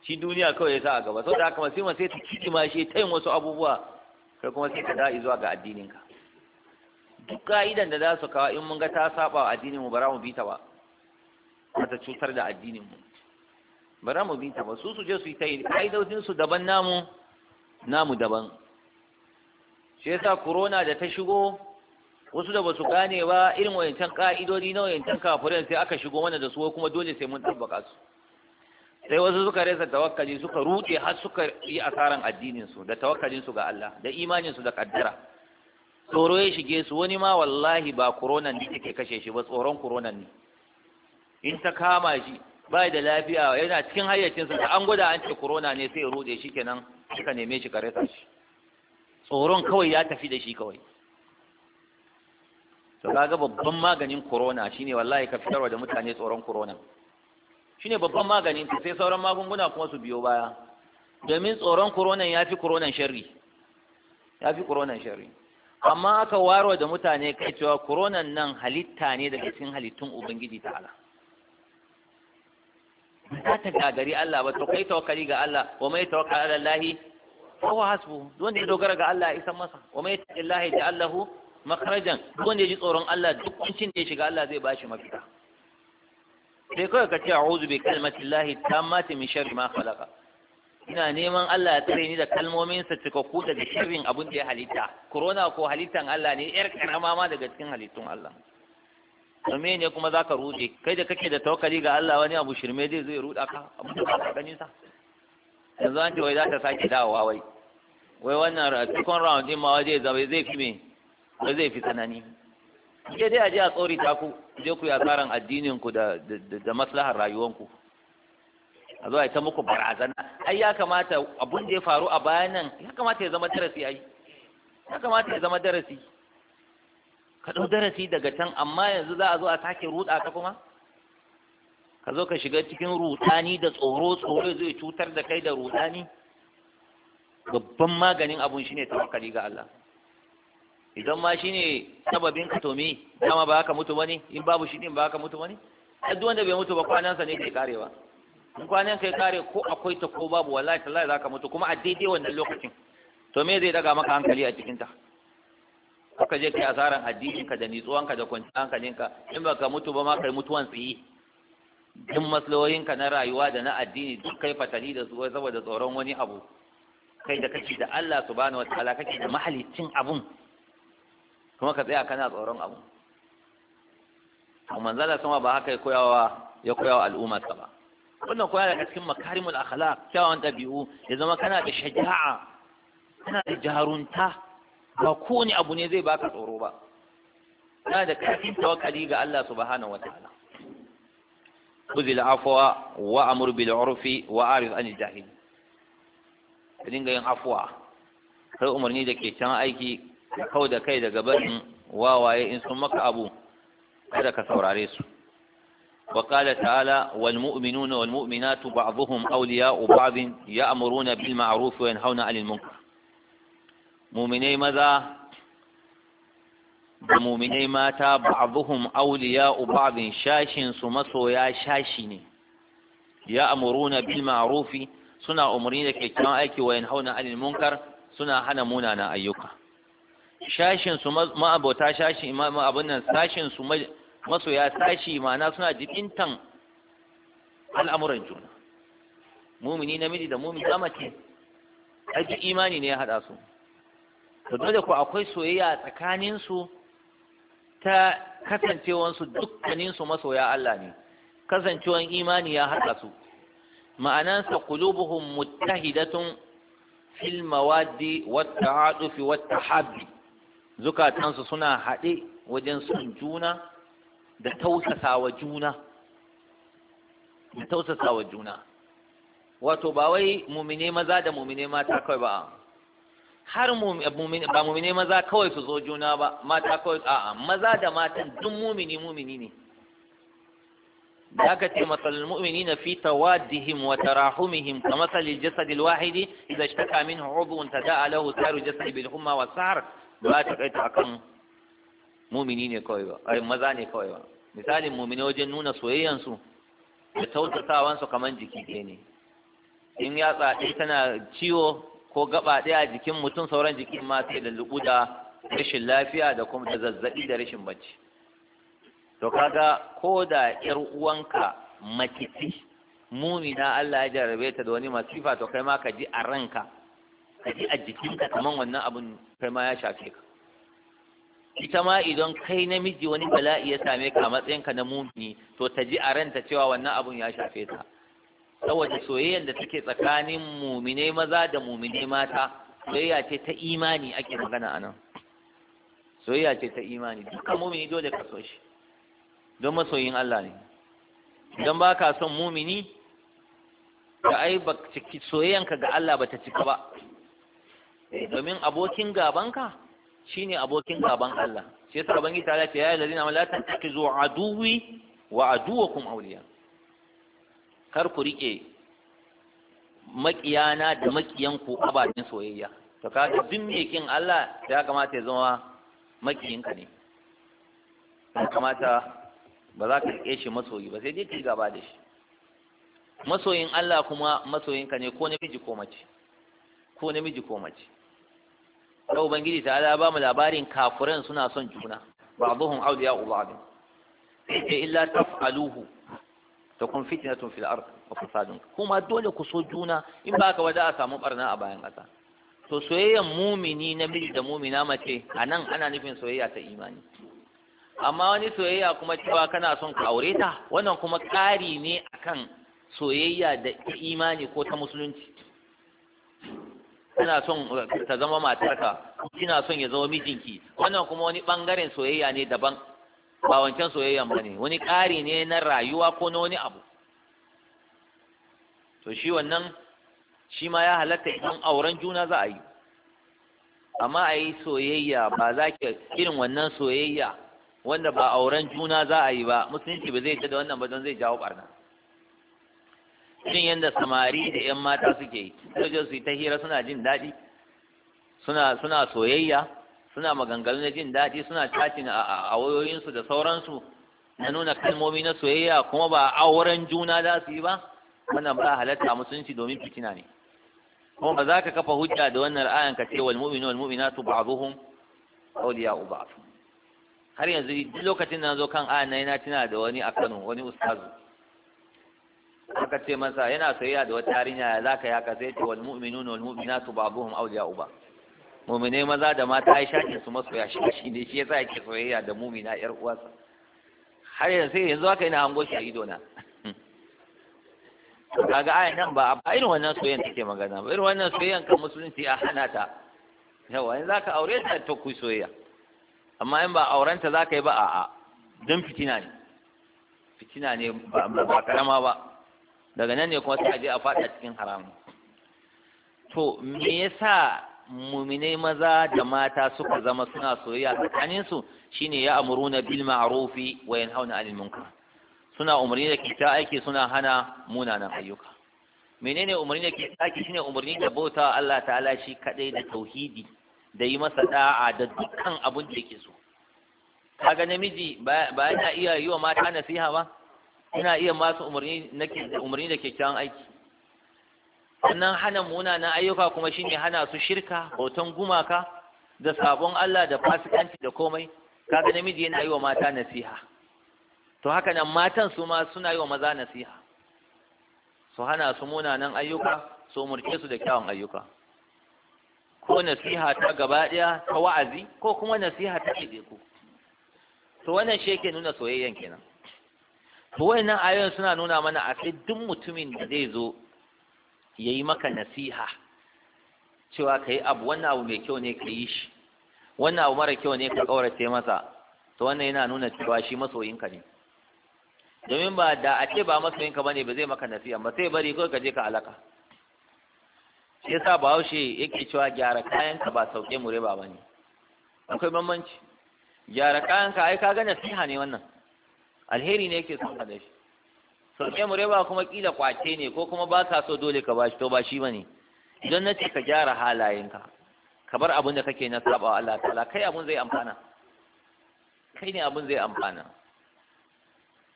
shi duniya kawai ya sa a gaba saboda haka musulma sai ta ma shi ta yin wasu abubuwa kai kuma sai ka da'i zuwa ga addininka duk ka'idan da za su kawo in mun ga ta saba wa addinin mu bara mu bi ta ba ta cutar da addinin mu bara mu bi ta ba su su je su yi ta yi su daban namu namu daban shi yasa corona da ta shigo wasu da basu gane ba irin wayancan ka'idodi na wayancan kafirin sai aka shigo mana da su kuma dole sai mun tabbaka su sai wasu suka rasa tawakkali suka ruɗe har suka yi asaran addinin su da tawakkalin su ga Allah da imanin su da kaddara tsoro ya shige su wani ma wallahi ba koronan ne take kashe shi ba tsoron koronan ne in ta kama shi ba da lafiya yana cikin hayyacinsa sa an gwada an ce korona ne sai ya rude shi kenan suka neme shi ka rasa shi tsoron kawai ya tafi da shi kawai to kaga babban maganin corona shine wallahi ka fitarwa da mutane tsoron corona shine babban maganin sai sauran magunguna kuma su biyo baya domin tsoron corona ya fi corona sharri ya fi corona sharri amma aka waro da mutane kai cewa corona nan halitta ne daga cikin halittun ubangiji ta'ala za ta gagari Allah ba to kai tawakkali ga Allah wa mai tawakkala ala Allah fa huwa hasbu wanda ya dogara ga Allah ya isa masa wa mai taqillahi Allah makarajan wanda ya ji tsoron Allah duk kuncin da ya shiga Allah zai bashi mafita sai kawai ka ce a a'udhu bi ta tammati min sharri ma falaka ina neman Allah ya tsare ni da kalmomin sa cikakku daga sharrin abin da ya halitta corona ko halittan Allah ne yar karama ma daga cikin halittun Allah kame ne kuma zaka ruje kai da kake da tawakkali ga Allah wani abu shirme zai zai ruda ka abu da ka gani sa yanzu an ce wai za ta sake dawowa wai wai wannan second round din ma waje zai fi me ba zai fi tsanani ke dai a je a tsori ta ku je ku ya tsaran addinin ku da maslahar rayuwanku a zo a ta muku barazana ai ya kamata abun da ya faru a bayanan nan ya kamata ya zama darasi ai ya kamata ya zama darasi ka ɗau darasi daga can amma yanzu za a zo a sake ruɗa ka kuma ka zo ka shiga cikin rudani da tsoro tsoro zai cutar da kai da rudani? babban maganin abun shine tawakkali ga Allah idan ma shine sababin ka to me dama ba ka mutu bane in babu shi din ba ka mutu bane duk wanda bai mutu ba kwanansa ne ke karewa in kwanan kai kare ko akwai ta ko babu wallahi tallahi zaka mutu kuma a daidai wannan lokacin to me zai daga maka hankali a cikin ta ka je kai asaran addinin ka da nitsuwan ka da kwanciyar hankalin ka in baka mutu ba ma kai mutuwan tsiyi duk maslahohin ka na rayuwa da na addini duk kai fatali da su saboda tsoron wani abu kai da kake da Allah subhanahu wataala kake da mahalicin abun kuma ka tsaya kana tsoron abu amma zalla sama ba haka ya koyawa ya koyawa al'umma ta ba wannan koya daga cikin makarimul akhlaq kyawun dabi'u ya zama kana da shaja'a kana da jarunta ba ko ni abu ne zai baka tsoro ba kana da karfin tawakkali ga Allah subhanahu wataala kuzil afwa wa amur bil urfi wa arif anil jahil ka dinga yin afwa kai umarni da ke can aiki ka kau da kai daga barin wawaye in sun maka abu kada ka saurare su wa qala ta'ala wal mu'minuna wal mu'minatu ba'dhum awliya'u ba'd ya'muruna bil ma'ruf wa yanhauna 'anil munkar mu'minai mu'minai mata ba'dhum awliya'u ba'd shashin su masoya shashi ne ya'muruna bil ma'ruf suna umarni da kyakkyawan aiki wa yanhauna 'anil munkar suna hana munanan ayyuka shashin su ma'abota shashi abin nan sashin su masoya sashi ma'ana suna jibintan al'amuran juna mumini namiji da mumini amace aji imani ne ya haɗa su to dole ku akwai soyayya tsakanin su ta kasancewan su dukkanin su masoya Allah ne kasancewan imani ya haɗa su ma'anansa qulubuhum muttahidatun fil mawaddi wat ta'adufi wat tahabbi zukatansu suna haɗe wajen son juna da tausasawa juna da tausasawa juna wato ba wai mumine maza da mumine mata kawai ba har ba mumine maza kawai su zo juna ba mata kawai a'a maza da matan duk mumini mumini ne da aka ce masalin mumini na fi tawaddihim wa tarahumihim ka masalin jasadil wahidi idan shi taka min hudun ta da'a lahu saru jasadi bil humma wa sahar ba ta kai ta akan mumini ne kawai ba ai maza ne kawai ba misalin mumini wajen nuna soyayyansu da tautatawansu kamar jiki ke ne in yatsa tsaɗe tana ciwo ko gaba ɗaya a jikin mutum sauran jikin ma sai lulluɓu da rashin lafiya da kuma da zazzaɓi da rashin bacci to kaga ko da ƴar uwanka makici mumina Allah ya jarabe ta da wani masifa to kai ma ka ji a ranka ka ji a jikinka kaman wannan abun kai ma ya shafe ka ita ma idan kai namiji wani bala'i ya same ka a matsayinka na mumini to ta ji a ranta cewa wannan abun ya shafe ta saboda soyayyar da take tsakanin mumine maza da mumine mata soyayya ce ta imani ake magana a nan soyayya ce ta imani dukkan mumini dole ka so shi don masoyin Allah ne idan ba ka son mumini da ai ba soyayyanka ga Allah ba ta cika ba Eh, domin abokin gabanka shine abokin gaban Allah shi yasa ubangiji ta ce ya ayyuhallazina amanu la tattakizu aduwi wa aduwakum awliya kar ku rike makiyana da makiyanku ababen soyayya to kaga duk me kin Allah ya kamata ya zama ka ne ya kamata ba za ka riƙe shi masoyi ba sai dai ki gaba da shi masoyin Allah kuma masoyinka ne ko namiji ko mace ko namiji ko mace sai ubangiji ta ala ba mu labarin kafuran suna son juna Ba ba'dhum auliya ubadin ce illa taf'aluhu takun tun fil ard wa fasadun kuma dole ku so juna in ba ka wada a samu barna a bayan kasa to soyayyan mumini na miji da mumina mace a nan ana nufin soyayya ta imani amma wani soyayya kuma cewa kana son ka aure ta wannan kuma ƙari ne akan soyayya da imani ko ta musulunci tana son ta zama matarka kina son ya zama mijinki wannan kuma wani bangaren soyayya ne daban ba wancan soyayyan ba ne wani ƙari ne na rayuwa ko na wani abu to shi wannan shi ma ya halatta idan auren juna za a yi amma a yi soyayya ba za ki irin wannan soyayya wanda ba auren juna za a yi ba musulunci ba zai da wannan ba don zai jawo barna jin yadda samari da yan mata suke yi sai su yi ta hira suna jin daɗi suna soyayya suna maganganu na jin daɗi suna cacin a wayoyinsu da sauransu na nuna kalmomi na soyayya kuma ba a auren juna za su yi ba wannan ba halatta musulunci domin fitina ne kuma ba za ka kafa hujja da wannan ra'ayan ka ce wal mu'minu wal mu'minatu ba'dhuhum ba'd har yanzu duk lokacin da na zo kan ayan na yana tuna da wani a Kano wani ustazu aka ce masa yana soyayya da wata yarinya ya zaka ya sai ce wal mu'minuna wal mu'minatu ba'dhum awliya'u ba mu'mine maza da mata ai shakin su masoya shi ne shi yasa yake soyayya da mu'mina yar uwarsa har yanzu yanzu haka ina hango shi a ido na (laughs) kaga 'aya nan ba a irin wannan soyayyan take magana ba irin wannan soyayyan kan musulunci a hana ta yawa in zaka aure ta ta ku soyayya amma in ba aurenta zaka yi ba a'a don fitina ne fitina ne ba karama ba daga nan ne kuma sai a je a faɗa cikin haramu to me yasa muminai maza da mata suka zama suna soyayya tsakanin su shine ya amuruna bil ma'rufi wa yanhauna 'anil munkar suna umarni da kita aiki suna hana munanan ayyuka menene umarni da kita aiki shine umarni da bauta Allah ta'ala shi kadai da tauhidi da yi masa da'a da dukkan abin da yake so kaga namiji ba ya iya yi wa mata nasiha ba ina iya masu umarni da kyakkyawan aiki sannan hana munanan ayyuka kuma shine hana su shirka hoton gumaka da sabon Allah da fasikanci da komai kaga namiji yana yi wa mata nasiha to haka nan matan su ma suna yi wa maza nasiha su hana su munanan ayyuka su umurce su da kyawun ayyuka ko nasiha ta gaba daya ta wa'azi ko kuma nasiha ta ɗaiɗaiku to wannan shi yake nuna soyayyen kenan to wayannan ayoyin suna nuna mana a sai duk mutumin da zai zo ya yi maka nasiha cewa ka yi abu wannan abu mai kyau ne ka yi shi wannan abu mara kyau ne ka ƙaurace masa to wannan yana nuna cewa shi masoyinka ne domin ba da a ce ba masoyinka ba ne ba zai maka nasiha ba sai bari kawai ka je ka alaka shi yasa bahaushe yake cewa gyara kayanka ba sauke mure ba ne akwai bambanci gyara kayanka ai ka ga nasiha ne wannan alheri ne yake son ka shi so ke mu reba kuma kila kwace ne ko kuma ba ka so dole ka bashi to ba shi bane idan na ce ka gyara halayenka ka bar abin da kake na saba wa Allah ta'ala kai abin zai amfana kai ne abin zai amfana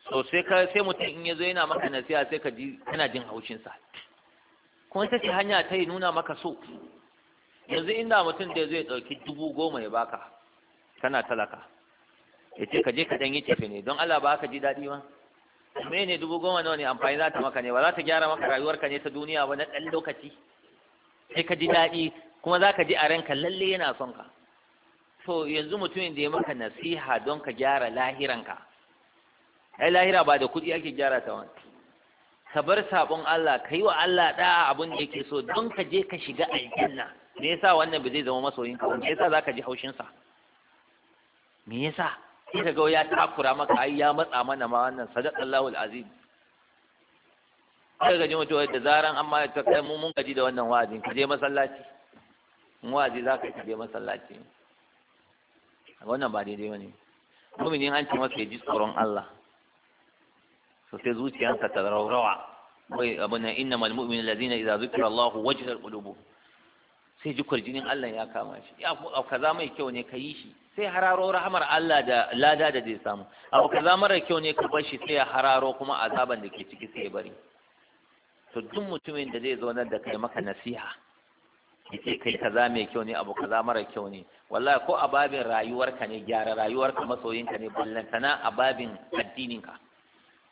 so sai ka sai mutum in yazo yana maka nasiha sai ka ji kana jin haushin sa kuma ita ce hanya ta yi nuna maka so yanzu inda mutum da zai dauki dubu goma ya baka kana talaka ya ka je ka dan yi tafi don Allah ba ka ji daɗi ba me ne dubu goma nawa ne amfani za ta maka ne ba za ta gyara maka rayuwarka ne ta duniya ba na ɗan lokaci sai ka ji daɗi kuma za ka ji a ranka lalle yana son ka to yanzu mutumin da ya maka nasiha don ka gyara lahiranka ai lahira ba da kuɗi ake gyara ta wani ka bar sabon Allah ka yi wa Allah ɗa'a abin da yake so don ka je ka shiga aljanna me yasa wannan ba zai zama masoyinka ba me yasa za ka ji haushinsa me yasa sai ka ga ya takura maka ai ya matsa mana ma wannan sadaqallahu alazim sai ga jin wato da zaran amma ta kai mu mun gaji da wannan wazi ka je masallaci mu wa'azi za ka je masallaci wannan ba daidai bane mu'minin an hancin masa ya ji tsoron Allah so sai zuciyarsa ta raurawa wai abun na innamal mu'minu allazina idza zukira Allah wajahat qulubuhum sai ji kwarjinin Allah ya kama shi a kaza mai kyau ne ka yi shi sai hararo rahamar Allah da lada da zai samu abu kaza mara kyau ne ka bar shi sai ya hararo kuma azaban da ke ciki sai ya bari to duk mutumin da zai nan da kai maka nasiha yace kai kaza mai kyau ne abu kaza mara kyau ne wallahi ko a babin rayuwarka ne gyara rayuwarka masoyinka ne ballantana a babin addininka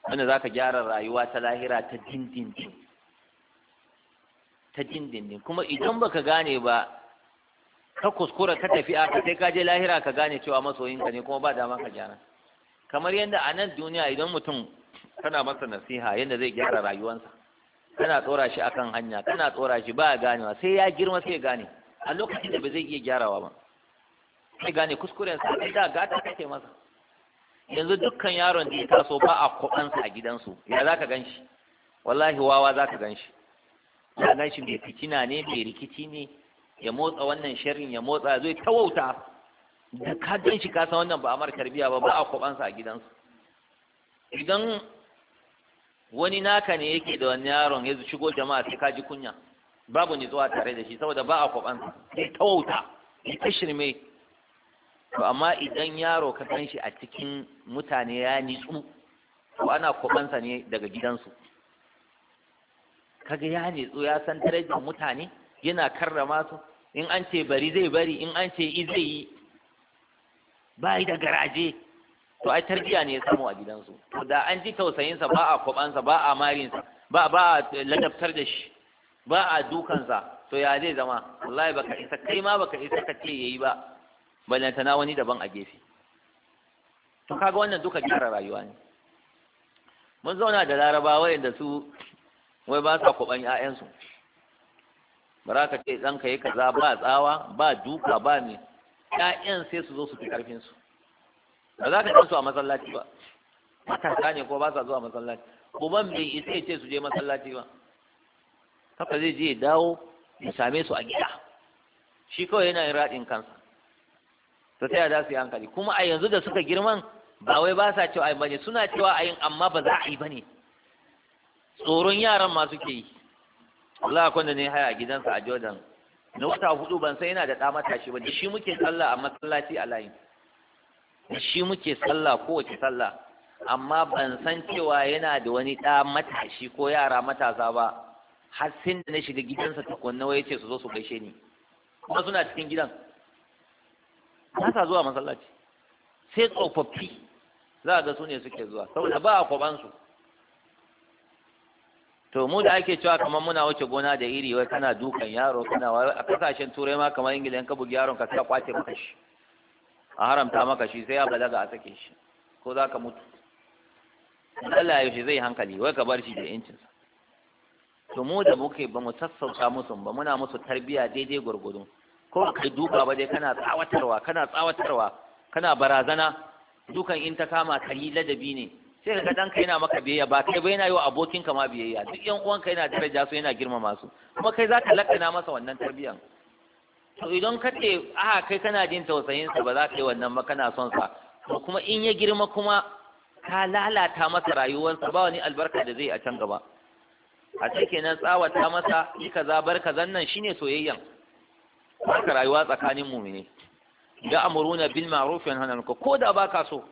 wanda zaka gyara rayuwa ta lahira ta dindindin ta dindindin kuma idan baka gane ba ka kuskura ka tafi aka sai ka je lahira ka gane cewa masoyinka ne kuma ba dama ka gyara kamar yadda a nan duniya idan mutum kana masa nasiha yadda zai gyara rayuwansa kana tsora shi akan hanya kana tsora shi ba ganewa sai ya girma sai gane a lokacin da ba zai iya gyarawa ba sai gane kuskuren sa da gata kake masa yanzu dukkan yaron da ya taso ba a kuɗansa a gidansu ya zaka ganshi wallahi wawa zaka ganshi za a shi mai fitina ne mai rikici ne ya motsa wannan sharrin ya motsa zai tawauta da ka gan shi kasan wannan ba a mara karbiya ba ba a kwabansa a gidansu idan wani naka ne yake da wani yaron ya shigo jama'a sai ka ji kunya babu ni zuwa tare da shi saboda ba a kwabansa sai tawauta, ya ta shirme to amma idan yaro ka gan shi a cikin mutane ya nitsu to ana kwabansa ne daga gidansu kaga ya nitsu ya san darajar mutane yana karrama su in an ce bari zai bari in an ce i zai yi da garaje to ai tarbiya ne ya samu a gidansu to da an ji tausayinsa ba a kwabansa ba a marinsa ba a ladabtar da shi ba a dukansa to ya zai zama wallahi baka isa kai ma baka isa ka ce yayi ba na wani daban a gefe to kaga wannan duka gyara rayuwa ne mun zauna da larabawa yadda su wai ba sa kuban 'ya'yansu. ba za ka ce ɗanka yi kaza ba tsawa ba duka ba ne 'ya'yan sai su zo su fi ƙarfinsu. ba za ka ɗan su a masallaci ba matasa ne ko ba sa zuwa masallaci ban bai isa ya ce su je masallaci ba haka zai je ya dawo ya same su a gida shi kawai yana yin raɗin kansa Ta ta yada su yi hankali kuma a yanzu da suka girman ba wai ba sa cewa a yi ba ne, suna cewa a yin amma ba za a yi ba ne. tsoron yaran ma suke yi Allah kwanda ne haya gidansa a Jordan na wata hudu ban san yana da ɗa matashi ba da shi muke sallah a masallaci a layin da shi muke sallah ko wace sallah amma ban san cewa yana da wani ɗa matashi ko yara matasa ba har sai da na shiga gidansa kunna waye ce su zo su gaishe ni kuma suna cikin gidan na sa zuwa masallaci sai tsofaffi za a ga su ne suke zuwa saboda ba a kwabansu to mu da ake cewa kamar muna wuce gona da iri wai kana dukan yaro kana wai a kasashen turai ma kamar ingila ka bugi yaron ka suka kwace maka shi a haramta maka shi sai ya balaga a sake shi ko za ka mutu Allah yaushe zai hankali wai ka bar shi da sa to mu da muke ba mu sassauta musu ba muna musu tarbiya daidai gwargwado ko kai duka ba dai kana tsawatarwa kana tsawatarwa kana barazana dukan in ta kama ka yi ladabi ne sai ka dan ka yana maka biyayya ba kai ba yana yi wa abokin ka ma biyayya duk yan uwan ka yana daraja su yana girmama su kuma kai zaka lakana masa wannan tarbiyan to idan ka ce aha kai kana jin tausayin sa ba za ka yi wannan ba kana son sa to kuma in ya girma kuma ka lalata masa rayuwarsa ba wani albarka da zai a can gaba a cikin nan tsawata masa yi kaza bar kazan nan shine soyayyan haka rayuwa tsakanin mu ne. da amuruna bil ma'ruf yanhana ko da baka so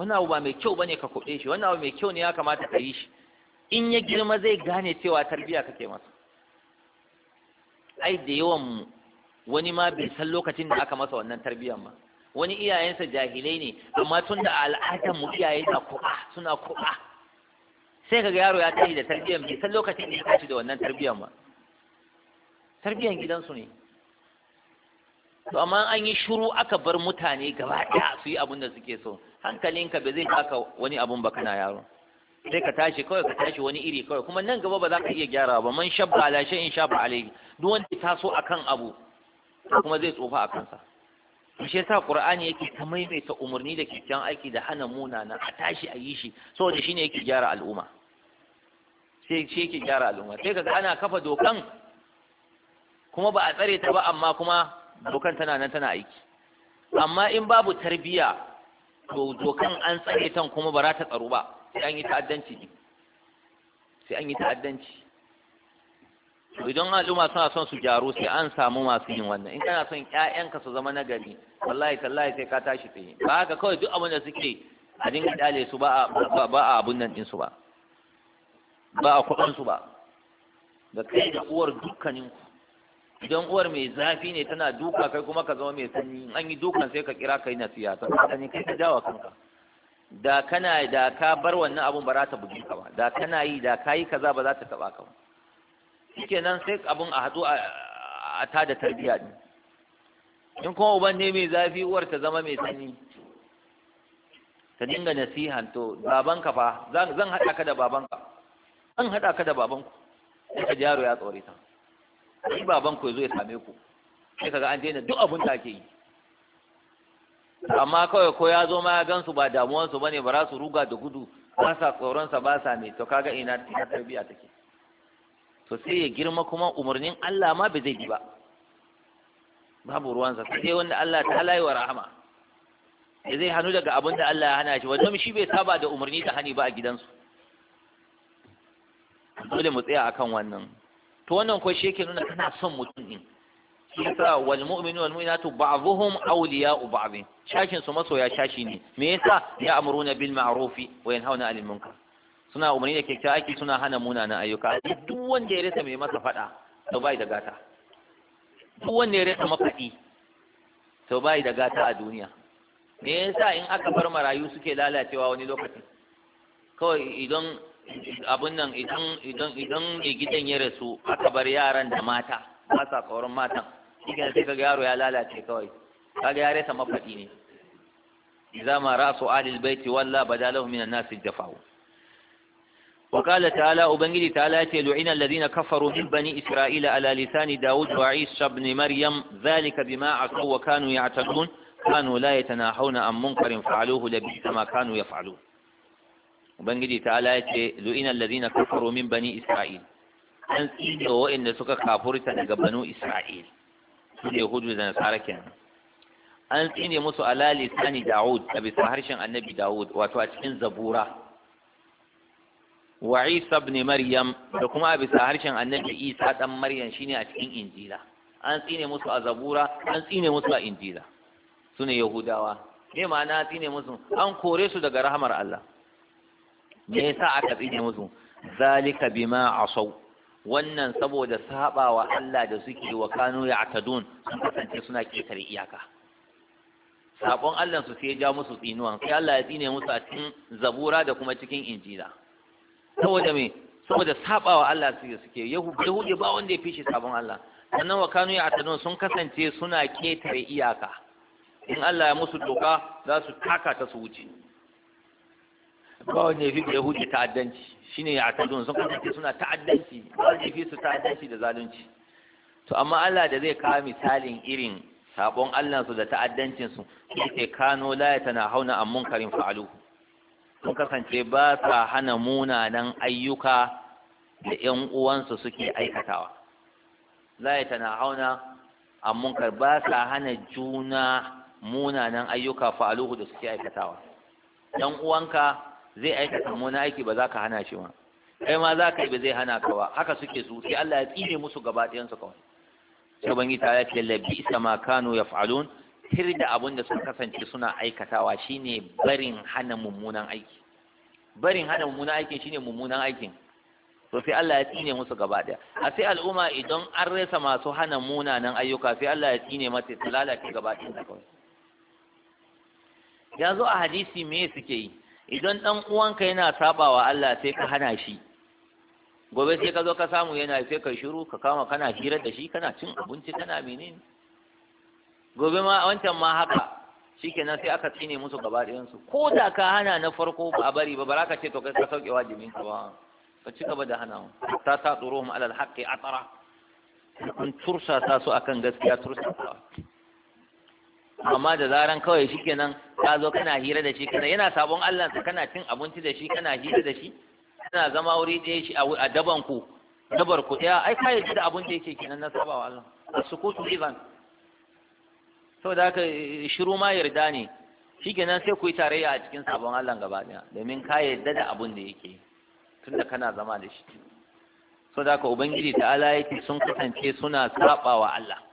wannan abu ba mai kyau bane ka kuɗe shi wannan abu mai kyau ne ya kamata ka yi shi in ya girma zai gane cewa tarbiya kake masa ai da yawan wani ma bai san lokacin da aka masa wannan tarbiyan ba wani iyayensa jahilai ne amma tun da al'adar mu iyaye na ku'a suna ku'a sai kaga yaro ya tashi da tarbiyan bai san lokacin da ya tashi da wannan tarbiyan ba tarbiyan gidansu ne to amma an yi shiru aka bar mutane gaba ɗaya su yi abin da suke so hankalinka ba zai baka wani abun ba kana yaro sai ka tashi kawai ka tashi wani iri kawai kuma nan gaba ba za ka iya gyara ba man shabba ala shay'in shabba alayhi duk wanda ya taso akan abu kuma zai tsofa a kansa shi yasa qur'ani yake ta maimaita umarni da kyakkyawan aiki da hana munana a tashi a yi shi saboda shine yake gyara al'umma sai shi yake gyara al'umma sai kaga ana kafa dokan kuma ba a tsare ta ba amma kuma dokan tana nan tana aiki amma in babu tarbiya to dokan an tsare tan kuma ba za ta tsaro ba sai an yi ta'addanci ne sai an yi ta'addanci to idan al'umma suna son su gyaro sai an samu masu yin wannan in kana son ƴaƴanka su zama nagari wallahi tallahi sai ka tashi tsaye ba haka kawai duk abin da suke a dinga dale su ba a ba a abun nan din su ba ba a kuɗin su ba da kai da uwar dukkaninku. idan uwar mai zafi ne tana duka kai kuma ka zama mai sanyi an yi dukan sai ka kira kai nasiya ta sani kai ka jawa kanka da kana da ka bar wannan abun ba za ta bugi ka ba da kana yi da ka yi kaza ba za ta taba ka ba shikenan sai abun a hadu a ta da tarbiya ne in kuma uban ne mai zafi uwar ta zama mai sanyi ta dinga nasihan to babanka fa zan haɗa ka da babanka an haɗa ka da babanku sai ka yaro ya tsore ta sai baban ku zo ya same ku sai kaga an daina duk abin da ake yi amma kawai ko ya zo ma ya gansu ba damuwansu bane ba za su ruga da gudu ba sa tsoronsa ba sa ne to kaga ina ina tarbiya take to sai ya girma kuma umarnin Allah ma bai zai bi ba babu ruwansa sai wanda Allah ta halaye wa rahama ya zai hannu daga abin da Allah ya hana shi wajen shi bai saba da umarni da hani ba a gidansu dole mu tsaya akan wannan to wannan kuwa shi yake nuna kana son mutum din yasa wal mu'minu wal mu'minatu ba'dhuhum awliya'u ba'd shashin su masoya shashi ne me yasa ya amruna bil ma'rufi wa yanhauna 'anil munkar suna umarni da kyakkyawa aiki suna hana munanan ayyuka duk wanda ya rasa mai masa fada to bai da gata duk wanda ya rasa mafadi to bai da gata a duniya me yasa in aka bar marayu suke lalacewa wani lokacin kawai idan abun nan idan idan gidan ya rasu aka bar yaran da mata ba sa tsoron matan shi sai kaga ya lalace kawai kaga ya rasa mafaɗi ne idza ma rasu alil baiti walla badalahu min an-nas jafa'u wa ta'ala ubangiji ta'ala ce lu'ina alladhina kafaru min bani isra'ila ala lisani daud wa isa ibn maryam zalika bima asaw wa kanu ya'tadun kanu la yatanahawna an munkarin fa'aluhu labisa ma ya falo. ubangiji ta ala ya ce lu'ina allazina kafaru min bani isra'il an tsine wa'anda suka kafurta daga banu isra'il su ne hudu da nasara kenan an tsine musu ala lisani daud a bisa harshen annabi daud wato a cikin zabura wa isa ibn maryam da kuma a bisa harshen annabi isa dan maryam shine a cikin injila an tsine musu a zabura an tsine musu a injila Su ne yahudawa me ma'ana tsine musu an kore su daga rahamar Allah me yasa aka tsine musu zalika bima asaw wannan saboda sabawa Allah da suke wa kanu atadun sun kasance suna ƙetare iyaka sabon Allah su sai ja musu tsinuwan sai Allah ya tsine musu a cikin zabura da kuma cikin injila saboda me saboda sabawa Allah suke suke yahudi ba wanda ya fishi sabon Allah sannan wa kanu atadun sun kasance suna ƙetare iyaka in Allah ya musu doka za su taka ta su wuce bawa ne fi da yahudi ta'addanci ne ya don sun kasance suna ta'addanci bawa ne fi su ta'addanci da zalunci to amma Allah da zai kawo misalin irin sabon Allah su da ta'addancin su yake kano la tana hauna an munkarin fa'alu sun kasance ba sa hana munanan ayyuka da ƴan uwansu suke aikatawa la tana hauna an munkar ba sa hana juna munanan ayyuka fa'aluhu da suke aikatawa ɗan uwanka zai aikata wani aiki ba za ka hana shi ma kai ma za ka yi ba zai hana ka ba haka suke su sai Allah ya tsine musu gaba su kawai sai bangi ta ya ce labi sama kanu ya fa'alun hirda da abin da suka kasance suna aikatawa shine barin hana mummunan aiki barin hana mummunan aikin shine mummunan aikin to sai Allah ya tsine musu gaba ɗaya a sai al'umma idan an rasa masu hana munanan ayyuka sai Allah ya tsine mata ta lalace gaba ɗayan kawai yanzu a hadisi me suke yi idan ɗan uwanka yana wa Allah sai ka hana shi gobe sai ka zo ka samu yana sai ka shiru ka kama kana hira da shi kana cin abinci kana menene gobe ma wancan ma haka shikenan sai aka tsine musu gaba ɗayan su ko da ka hana na farko ba a bari ba ba ka ce to kai ka sauke wajibin ka ba ka ci gaba da hana ta ta tsoro mu alal haqqi atara in tursa ta su akan gaskiya tursa ta amma da zaran kawai shikenan ka zo kana hira da shi kana yana sabon Allah sa kana cin abinci da shi kana hira da shi kana zama wuri da shi a daban ku dabar ku ya ai kai da abin da yake kenan na sabawa Allah as-sukutu idan da ka eh, shiru ma yarda ne shikenan sai ku yi tarayya a cikin sabon Allah gaba ɗaya domin ka yarda da abin da yake tunda kana zama da shi da ka ubangiji ta'ala yake sun kasance suna sabawa Allah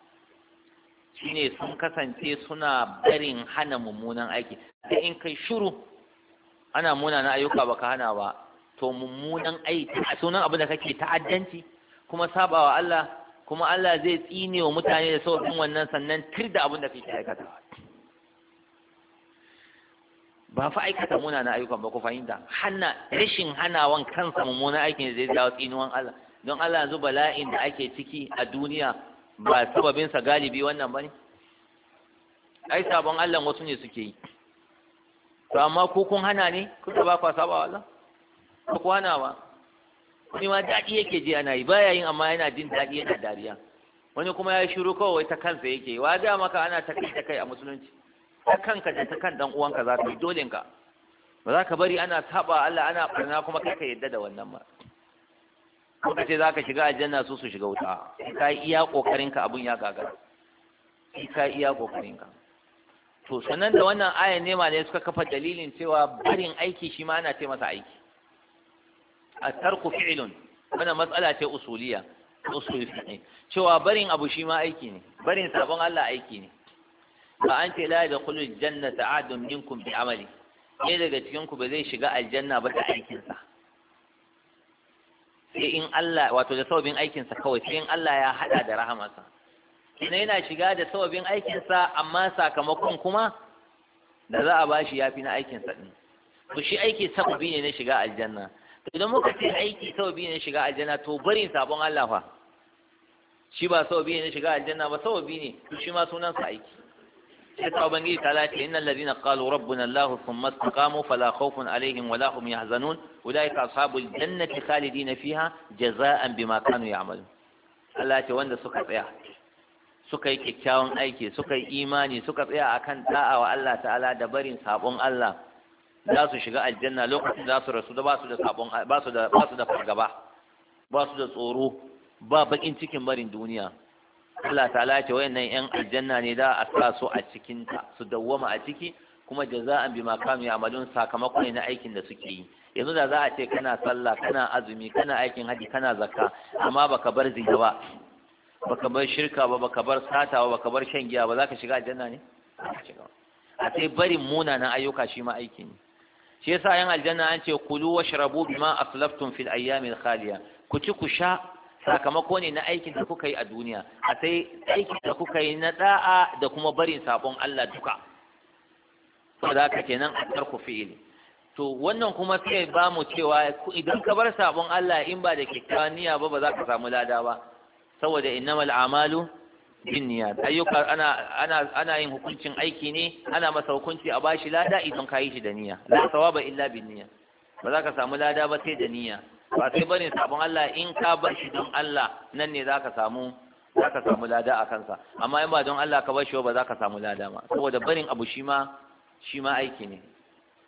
shine sun kasance suna barin hana mummunan aiki sai in kai shuru ana munana ayyuka baka hana ba to mummunan aiki sunan abin da kake ta'addanci kuma sabawa Allah kuma Allah zai tsine wa mutane da sauƙin wannan sannan tir da abin da kake aikata. ba fa aikata munana ayyukan ba ku fahimta hana rashin hanawan kansa mummunan aikin zai jawo tsinuwan Allah don Allah yanzu bala'in da ake ciki a duniya ba sababinsa galibi wannan ba ne ai sabon Allah wasu ne suke yi to amma ko kun hana ne kuka ba kwa saba Allah ba ku hana ba wani ma daɗi yake ji ana yi baya yin amma yana jin daɗi yana dariya wani kuma ya shiru kawai ta kansa yake wa da maka ana ta kai ta kai a musulunci ta kanka da ta kan dan uwanka za ka yi dolenka ba za ka bari ana saba Allah ana barna kuma kai ka yadda da wannan ma. kuka ce za ka shiga aljanna su su shiga wuta ka iya ka abun ya gagara ka iya ka. to sannan da wannan ayan nema ne suka kafa dalilin cewa barin aiki shi ma ana ce masa aiki a tarku fi'ilun wannan matsala ce usuliya usuli ne cewa barin abu shi ma aiki ne barin sabon Allah aiki ne ba an ce la da kullu jannata adun minkum bi amali ne daga cikin ku ba zai shiga aljanna ba da aikinsa sai in Allah wato da sababin aikinsa kawai sai in Allah ya hada da rahamarsa ina yana shiga da sababin aikinsa amma sakamakon kuma da za a bashi ya fi na aikinsa ɗin to shi aiki sababi ne na shiga aljanna to idan muka ce aiki sababi ne na shiga aljanna to bari sabon Allah fa shi ba sababi ne na shiga aljanna ba sababi ne to shi ma sunansa aiki sai ta ubangiji ta lati innal ladina qalu rabbuna allah thumma istaqamu fala khawfun alaihim wala hum yahzanun ulaika ashabul jannati khalidina fiha jazaan bima kanu ya'malun Allah ce wanda suka tsaya suka yi kyakkyawan aiki suka yi imani suka tsaya akan da'a wa Allah ta'ala da barin sabon Allah za su shiga aljanna lokacin da su rasu da ba su da sabon ba su da ba su da fargaba ba su da tsoro ba bakin cikin barin duniya Allah ta'ala ce wayannan yan aljanna ne da a sa su a cikin ta su dawwama a ciki kuma jaza'an bima kanu ya'malun sakamakon ne na aikin da suke yi yanzu da za a ce kana sallah kana azumi kana aikin haji kana zakka amma baka bar zina ba baka bar shirka ba baka bar sata ba baka bar shan giya ba zaka shiga aljanna ne a sai barin munanan ayyuka shi ma aiki ne shi yasa yan aljanna an ce kulu washrabu bima aslaftum fil ayyamil khaliya ku ci ku sha sakamako ne na aikin da kuka yi a duniya a sai aikin da kuka yi na da'a da kuma barin sabon Allah duka da haka kenan a tarku fi'ili to wannan kuma sai ba mu cewa idan ka bar sabon Allah in ba da kikkiwa niyya ba ba za ka samu lada ba saboda innamal amalu niyya ayyuka ana ana ana yin hukuncin aiki ne ana masa hukunci a bashi lada idan ka yi shi da niyya la sawaba illa niyya ba za ka samu lada ba sai da niyya ba sai ne sabon Allah in ka bar shi don Allah nan ne ka samu ka samu lada a kansa amma in ba don Allah ka bar shi ba ka samu lada ma saboda barin abu shi ma shi ma aiki ne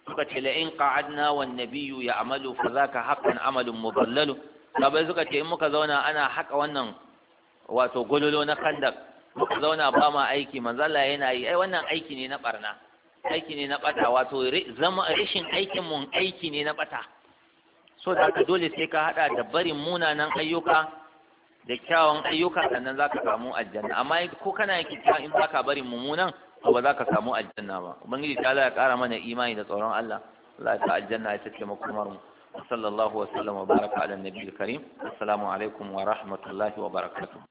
suka ce la in qa'adna wan nabiyyu ya'malu fa zaka haqqan amalun mudallal kabai suka ce in muka zauna ana haka wannan wato gololo na kandak muka zauna ba ma aiki manzala yana yi ai wannan aiki ne na barna aiki ne na bata wato zama rashin aikin mun aiki ne na bata so da dole sai ka haɗa da barin munanan ayyuka da kyawun ayyuka sannan za ka samu aljanna amma ko kana yake cewa in ba ka barin mummunan to ba za ka samu aljanna ba ubangiji ta Allah ya ƙara mana imani da tsoron Allah Allah ya aljanna ya tace makomar mu sallallahu wa sallam wa baraka ala nabiyil karim assalamu alaikum wa rahmatullahi wa barakatuh